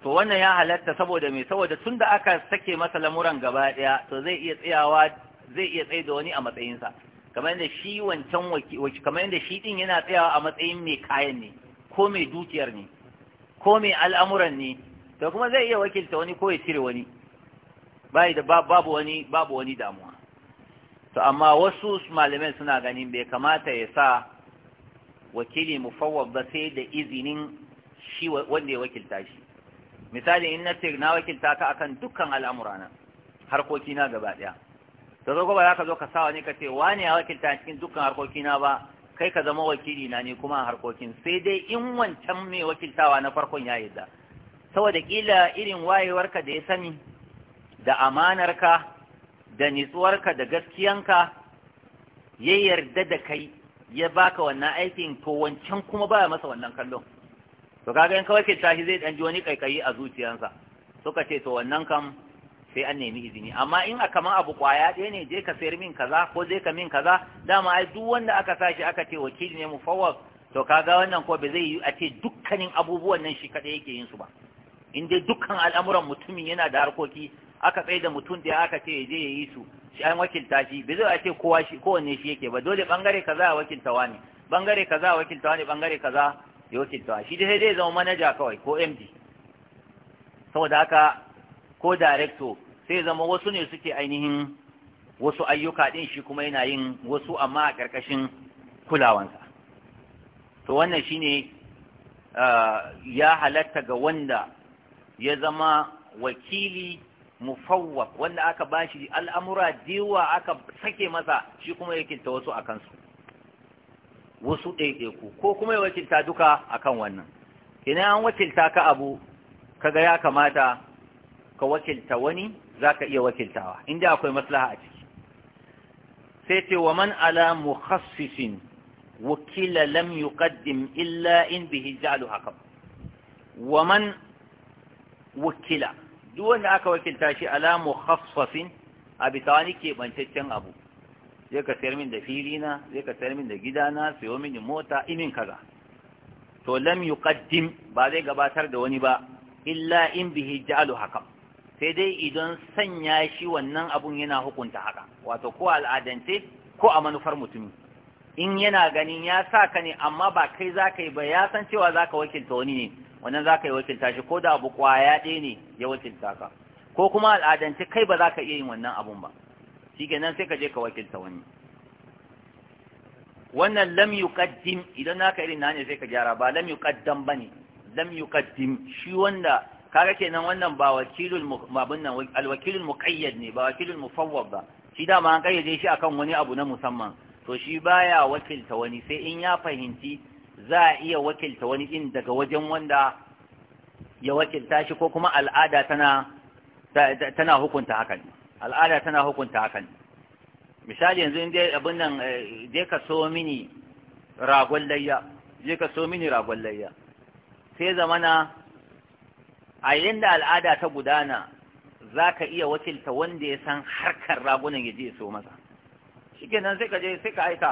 to wannan ya halatta saboda mai saboda tun da aka sake masa lamuran gaba ɗaya to zai iya tsayawa zai iya tsaye da wani a matsayinsa kamar yadda shi wancan kamar yadda shi din yana tsayawa a matsayin mai kayan ne ko mai dukiyar ne ko mai al'amuran ne to kuma zai iya wakilta wani ko ya cire wani bai da babu wani babu wani damuwa to amma wasu malamai suna ganin bai kamata ya sa wakili mufawwad ba sai da izinin shi wanda ya wakilta shi misali in na ce na wakilta ka akan dukkan na harkoki na gaba daya to zo gaba zaka zo ka sa wani ka ce wani ya wakilta cikin dukkan harkokina ba kai ka zama wakili na ne kuma harkokin sai dai in wancan mai wakiltawa na farkon ya yi da saboda kila irin wayewarka da ya sani da amanarka da nitsuwarka da gaskiyanka ya yarda da kai ya baka wannan aikin to wancan kuma baya masa wannan kallon to kaga in kawai ke tashi zai dan ji wani kaikayi a zuciyarsa suka ce to wannan kam sai an nemi izini amma in a kaman abu kwaya ɗaya ne je ka sayar min kaza ko je ka min kaza dama ai duk wanda aka sashi aka ce wakili ne mu fawar. to kaga wannan ko ba zai yi a ce dukkanin abubuwan nan shi kaɗai yake yin su ba in dai dukkan al'amuran mutumin yana da harkoki aka tsaye da mutum da aka ce je ya yi su shi an wakilta shi bai zai ce kowa shi kowanne shi yake ba dole bangare kaza a wakilta wani bangare kaza a wakilta wani bangare kaza ya wakilta shi dai zai zama manaja kawai ko MD saboda haka ko director sai zama wasu ne suke ainihin wasu ayyuka din shi kuma yana yin wasu amma a karkashin kulawansa to wannan shine ah, ya halatta ga wanda ya zama wakili mufawwak wanda aka bashi al'amura dewa aka sake masa shi kuma ya kinta wasu a kansu wasu ɗaiɗaiku ko kuma ya wakilta duka akan wannan ina an wakilta ka abu kaga ya kamata ka wakilta wani zaka iya wakiltawa inda akwai maslaha a ciki sai ce wa man ala mukhassisin wakila lam yuqaddim illa in bihi ja'lu hakam wa man wakila duk wanda aka wakilta shi alamu mukhaffafin a tawani wani bantaccen abu zai ka sayar min da filina zai ka sayar min da gidana sayo mini mota imin kaza to lam yuqaddim ba zai gabatar da wani ba illa in bihi ja'alu hakam sai dai idan sanya shi wannan abun yana hukunta haka wato ko al'adance ko a manufar mutumi in yana ganin ya sa ne amma ba kai za ka yi ba ya san cewa za ka wakilta wani ne wannan za ka yi wakilta shi ko da abu kwaya ɗe ne ya wakilta ka ko kuma al'adance kai ba za ka iya yin wannan abun ba shi nan sai ka je ka wakilta wani wannan lam yuqaddim idan naka irin na ne sai ka gyara ba lam yuqaddam bane lam yuqaddim shi wanda kaga kenan wannan ba wakilul mabun ne ba wakilul mufawwad ba shi dama an kayyade shi akan wani abu na musamman to shi baya wakilta wani sai in ya fahimci za a iya wakilta wani din daga wajen wanda ya wakilta shi ko kuma al'ada tana tana hukunta hakan al'ada tana hukunta hakan misali yanzu inda abin nan eh, je ka so mini ragon layya je ka so mini ragon layya sai zamana a yanda al'ada ta gudana za ka iya wakilta wanda ya san harkar ragunan ya je so masa shi kenan sai ka je sai ka aika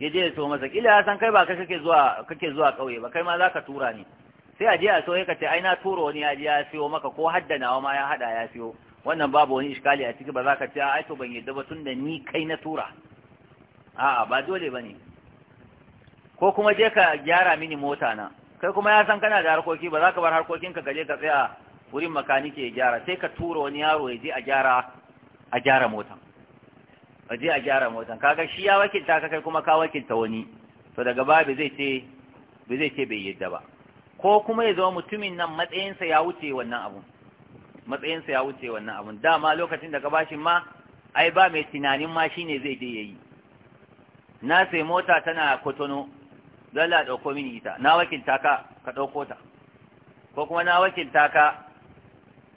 ya je ya to masa kila ya san kai ba kai kake zuwa kake zuwa kauye ba kai ma zaka tura ni sai a je a so ya kace ai na turo wani ya je ya siyo maka ko haddanawa ma ya hada ya siyo wannan babu wani iskali a ciki ba zaka ce ai to ban yadda ba tunda ni kai na tura a'a ba dole bane ko kuma je ka gyara mini mota na kai kuma ya san kana da harkoki ba za ka bar ka gaje ka tsaya wurin makanike ya gyara sai ka tura wani yaro ya je a gyara a gyara motan a je a gyara motan kaga shi ya wakilta ka kai kuma ka wakilta wani to daga ba zai ce bai zai ce bai yadda ba ko kuma ya zama mutumin nan matsayinsa ya wuce wannan abun matsayinsa ya wuce wannan abun dama lokacin da ka bashin ma ai ba mai tunanin ma shine zai je yayi na sai mota tana kotono zalla dauko mini ita na wakilta ka ka dauko ta ko kuma na wakilta ka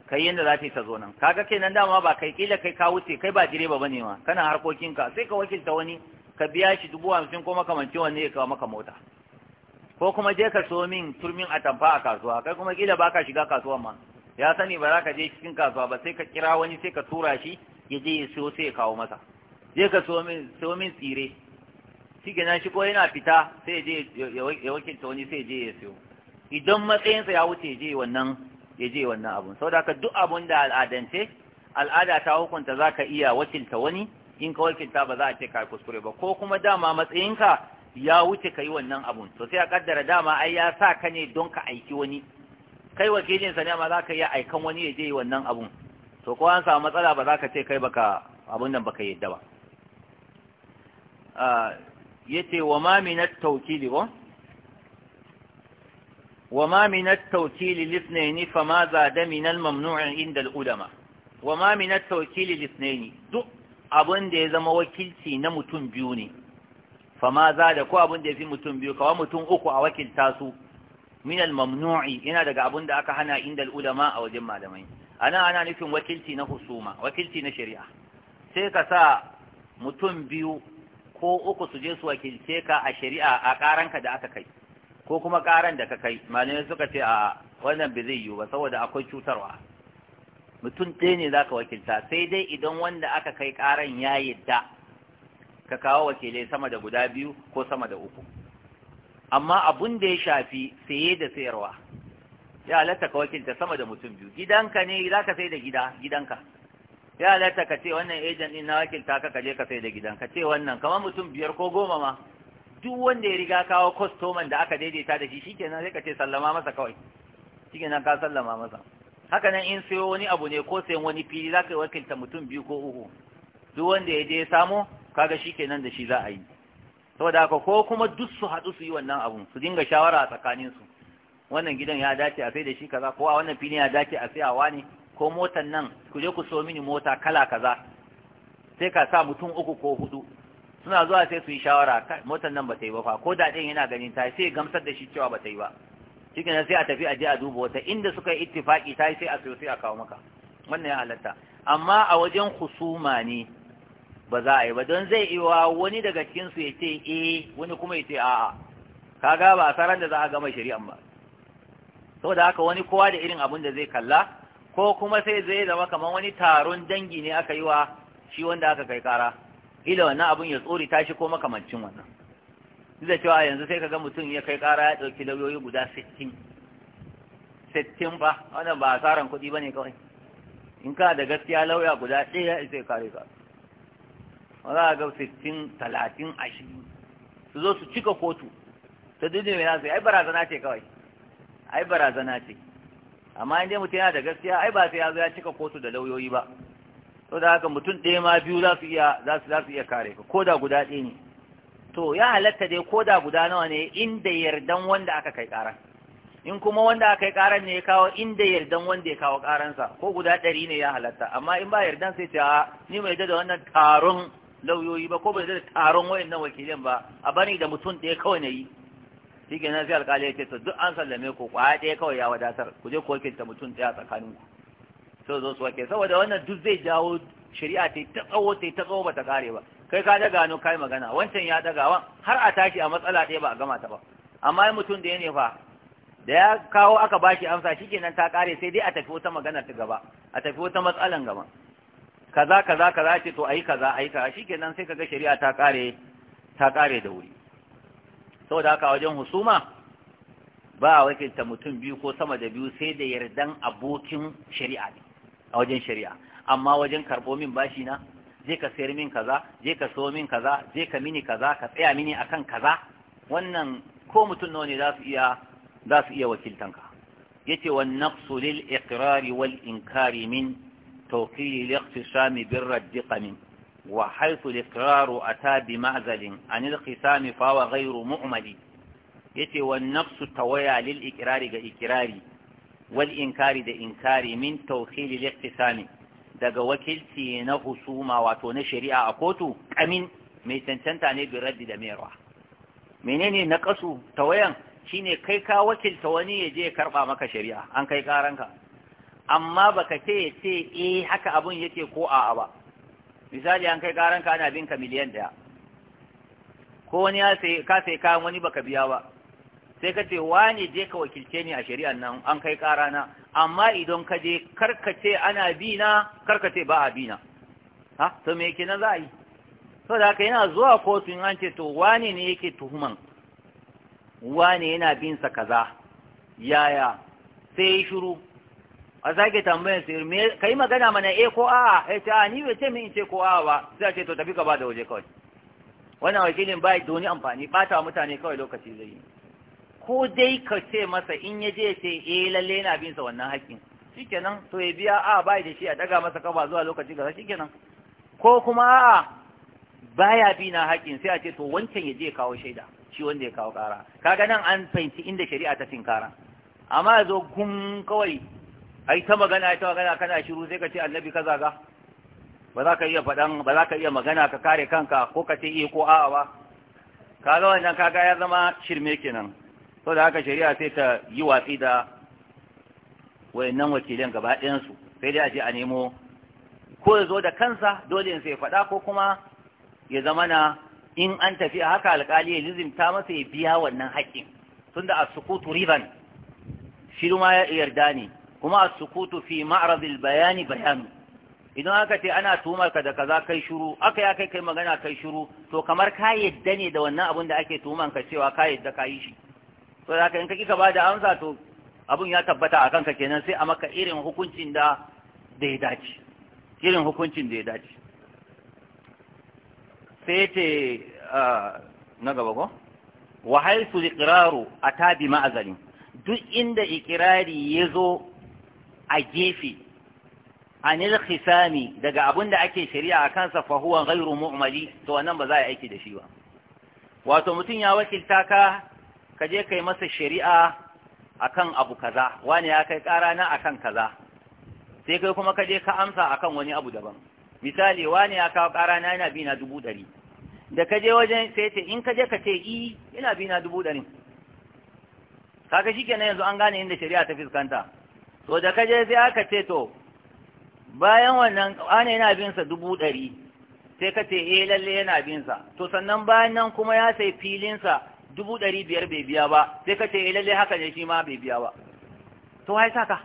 kai yanda za ta zo nan kaga kenan dama ba kai kila kai ka wuce kai ba direba bane ma kana harkokinka sai ka wakilta wani ka biya shi dubu hamsin ko makamancin wanne ya kawo maka mota ko kuma je ka so min turmin atamfa a kasuwa kai kuma kila ba ka shiga kasuwan ma ya sani ba za ka je cikin kasuwa ba sai ka kira wani sai ka tura shi ya je ya siyo sai ya kawo masa je ka so min so min tsire shi gina shi ko yana fita sai ya je ya wakilta wani sai ya je ya siyo idan matsayinsa ya wuce je wannan ya je wannan abun sau da duk abun da al'adance al'ada ta hukunta za ka iya wakilta wani in ka wakilta ba za a ce ka kuskure ba ko kuma dama matsayinka ya wuce ka yi wannan abun to sai a kaddara dama ai ya sa ka ne don ka aiki wani kai wakilinsa ne ma za ka iya aikan wani ya je yi wannan abun to ko an samu matsala ba za ka ce kai baka abun nan baka yadda ba ah, yace wa ma min at ba وما من التوكيل الاثنين فما زاد من الممنوع عند العلماء وما من التوكيل الاثنين duk abin da ya zama wakilci na mutum biyu ne fama za da ko abin da ya fi mutum biyu kawai mutum uku a wakilta su min al-mamnu'i yana daga abin da aka hana inda ulama a wajen malamai ana ana nufin wakilci na husuma wakilci na shari'a sai ka sa mutum biyu ko uku su je su wakilce ka a shari'a a karanka da aka kai ko kuma ƙaran da ka kai malamai suka ce a wannan bai zai yiwu ba saboda akwai cutarwa mutum ɗaya ne za ka wakilta sai dai idan wanda aka kai ƙaran ya yadda ka kawo wakilai sama da guda biyu ko sama da uku amma abun da ya shafi saye da sayarwa ya halatta ka wakilta sama da mutum biyu gidanka ne za ka sai da gida gidanka ya halatta ka ce wannan ejan ɗin na wakilta ka kaje ka sai da gidanka ce wannan kamar mutum biyar ko goma ma duk wanda ya riga kawo kwastoman da aka daidaita da shi shikenan sai ka ce sallama masa kawai shikenan ka sallama masa haka nan in sayo wani abu ne ko sayan wani fili za ka yi wakilta mutum biyu ko uku duk wanda ya je ya samu kaga shikenan da shi za a yi saboda haka ko kuma duk su haɗu su yi wannan abun su dinga shawara a tsakanin su wannan gidan ya dace a sai da shi kaza ko a wannan fili ya dace a sai a wani ko motan nan ku je ku so mini mota kala kaza sai ka sa mutum uku ko hudu suna zuwa sai su yi shawara motar nan ba ta yi ba fa ko da ɗin yana ganin ta sai gamsar da shi cewa ba ta yi ba cikin sai a tafi a je a duba wata inda suka yi ittifaki ta sai a siyo sai a kawo maka wannan ya halatta amma a wajen husuma ne ba za a yi ba don zai wa wani daga cikin ya ce eh wani kuma ya ce a'a kaga ba asaran da za a gama shari'an ba saboda haka wani kowa da irin abin da zai kalla ko kuma sai zai zama kamar wani taron dangi ne aka yi wa shi wanda aka kai kara ila wannan abun ya tsori tashi ko makamancin wannan duk da cewa yanzu sai kaga mutum ya kai ƙara ya ɗauki lauyoyi guda sittin sittin ba wannan ba asaran kuɗi ba ne kawai in ka da gaskiya lauya guda ɗaya sai kare ka wanda ga sittin talatin ashirin su zo su cika kotu ta duniya mai nasu ai barazana ce kawai ai barazana ce amma in dai mutum yana da gaskiya ai ba sai ya zo ya cika kotu da lauyoyi ba to da haka mutum ɗaya ma biyu za su iya za su za su iya kare ka ko da guda ɗaya ne to ya halatta dai ko da guda nawa ne inda yardan wanda aka kai ƙara in kuma wanda aka kai ƙaran ne ya kawo inda yardan wanda ya kawo ƙaransa ko guda ɗari ne ya halatta amma in ba yardan sai ce a ni mai da wannan taron lauyoyi ba ko bai da taron wayannan wakilin ba a bani da mutum ɗaya kawai na yi shi nan sai alƙali ya ce to duk an sallame ku kwaya ɗaya kawai ya wadatar ku je ku wakilta mutum ɗaya tsakaninku so zo su wake saboda wannan duk zai jawo shari'a ta ta tsawo ta ta tsawo bata kare ba kai ka daga no kai magana wancan ya daga wan har a tashi a matsala ɗaya ba a gama ta ba amma ai mutum da ya fa. da ya kawo aka bashi amsa shikenan ta kare sai dai a tafi wata magana ta gaba a tafi wata matsalan gaba kaza kaza kaza ce to ai kaza ai kaza shikenan sai kaga shari'a ta kare ta kare da wuri saboda haka wajen husuma ba wakilta mutum biyu ko sama da biyu sai da yardan abokin shari'a ne a wajen shari'a amma wajen karɓo min bashi na je ka sayar min kaza je ka so min kaza je ka mini kaza ka tsaya mini akan kaza wannan ko mutum nawa ne za su iya za su iya wakiltanka yace wan naqsu lil iqrari wal inkari min توكيل الاقتسام بالرد قمن وحيث الإقرار أتى بمعزل عن القسام فهو غير مؤمد يتي والنفس تويا للإقرار كإقراري wal inkari da inkari min tawkhil al daga wakilci na husuma wato na shari'a a kotu kamin mai cancanta ne bi raddi da mayarwa menene na kasu tawayan shine kai ka wakilta wani ya je ya karba maka shari'a an kai karanka amma baka ce ya ce eh haka abun yake ko a'a ba misali an kai karanka ana binka miliyan daya ko wani ya sai ka sai kayan wani baka biya ba sai ka ce ne je ka wakilce ni a shari'an nan an kai ƙara na amma idan ka je karkace ana bi na karkace ba a bi na ha to me nan za a yi to da haka yana zuwa kotu in an ce to wane ne yake tuhuman ne yana bin sa kaza yaya sai ya shiru a sake tambayar sai me kai magana mana eh ko a'a eh ta ni bai ce min in ce ko a'a ba sai a ce to tafi gaba da waje kawai wannan wakilin ya doni amfani bata mutane kawai lokaci zai yi ko dai ka ce masa in ya je ce eh lalle na bin sa wannan haƙƙin shikenan to ya biya a bai da shi a daga masa kafa zuwa lokaci gaba shikenan ko kuma a baya bi na hakkin sai a ce to wancan ya je kawo shaida shi wanda ya kawo ƙara kaga nan an fahimci inda shari'a ta tinkara amma yazo kun kawai ai ta magana ai ta magana kana shiru sai ka ce annabi kaza ga ba za ka iya faɗan ba za ka iya magana ka kare kanka ko ka ce iya eh, ko a'a ba kaga wannan kaga ya zama shirme kenan so da haka shari'a sai ta yi watsi da wayannan wakilan gaba ɗayansu sai dai a je a nemo ko ya zo da kansa dole sai ya faɗa ko kuma ya zama na in an tafi a haka alƙali ya lizimta masa ya biya wannan haƙƙin tunda a sukutu riban shi ma ya yarda ne kuma a sukutu fi ma'arazil bayani bayanu idan aka ce ana tuhumar ka da kaza kai shuru, aka ya kai kai magana kai shuru, to kamar ka yadda ne da wannan abin da ake tuman ka cewa ka yadda ka yi shi to da in ka kika ba da amsa to abun ya tabbata a ka kenan sai a maka irin hukuncin da da ya dace irin hukuncin da ya dace sai ce na gaba ko wa haisu iqraru atabi ma'azali. duk inda ikirari ya zo a gefe anil khisami daga abin da ake shari'a a kansa fa huwa ghairu mu'mali to wannan ba za a yi aiki da shi ba wato mutum ya wakilta ka ka je kai masa shari'a akan abu kaza wani ya kai ƙara na akan kaza sai kai kuma ka je ka amsa akan wani abu daban misali wani ya kawo ƙara na yana bi na dubu ɗari da ka je wajen sai ce in ka je ka ce i yana bi na dubu ɗari kaga shi kenan yanzu an gane inda shari'a ta fuskanta to da ka je sai aka ce to bayan wannan wani yana bin sa dubu ɗari sai ka ce eh lalle yana bin sa to sannan bayan nan kuma ya sai sa. dubu ɗari biyar bai biya ba sai ka ce eh, lalle haka ne shi ma bai biya ba to wai saka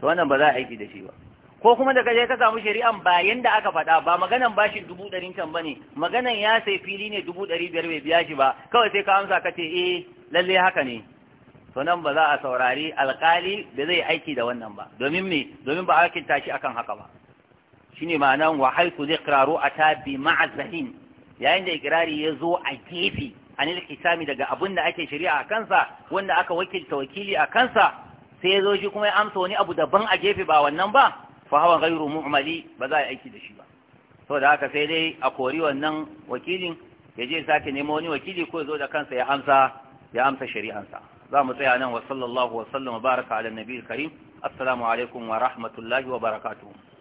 to wannan ba za a aiki da shi ba ko kuma da kaje ka samu shari'an ba yanda aka faɗa ba maganan bashin dubu ɗarin can bane maganan ya sai fili ne dubu ɗari biyar bai biya shi ba kawai sai ka amsa ka ce eh lalle haka ne to nan ba za a saurari alƙali da zai aiki da wannan ba domin me domin ba a kinta shi akan haka ba shine ma'anan wa haiku zai kiraro a ta bi ma'azahin yayin da ikirari ya zo a gefe anil kisami daga abun da ake shari'a a kansa wanda aka wakilta wakili a kansa sai ya zo shi kuma ya amsa wani abu daban a gefe ba wannan ba fa hawa ghairu mu'mali ba za a aiki da shi ba saboda haka sai dai a kori wannan wakilin ya je sake nemo wani wakili ko ya zo da kansa ya amsa ya amsa shari'ansa za mu tsaya nan wa sallallahu wa sallam baraka ala nabiyil karim assalamu alaikum wa rahmatullahi wa barakatuh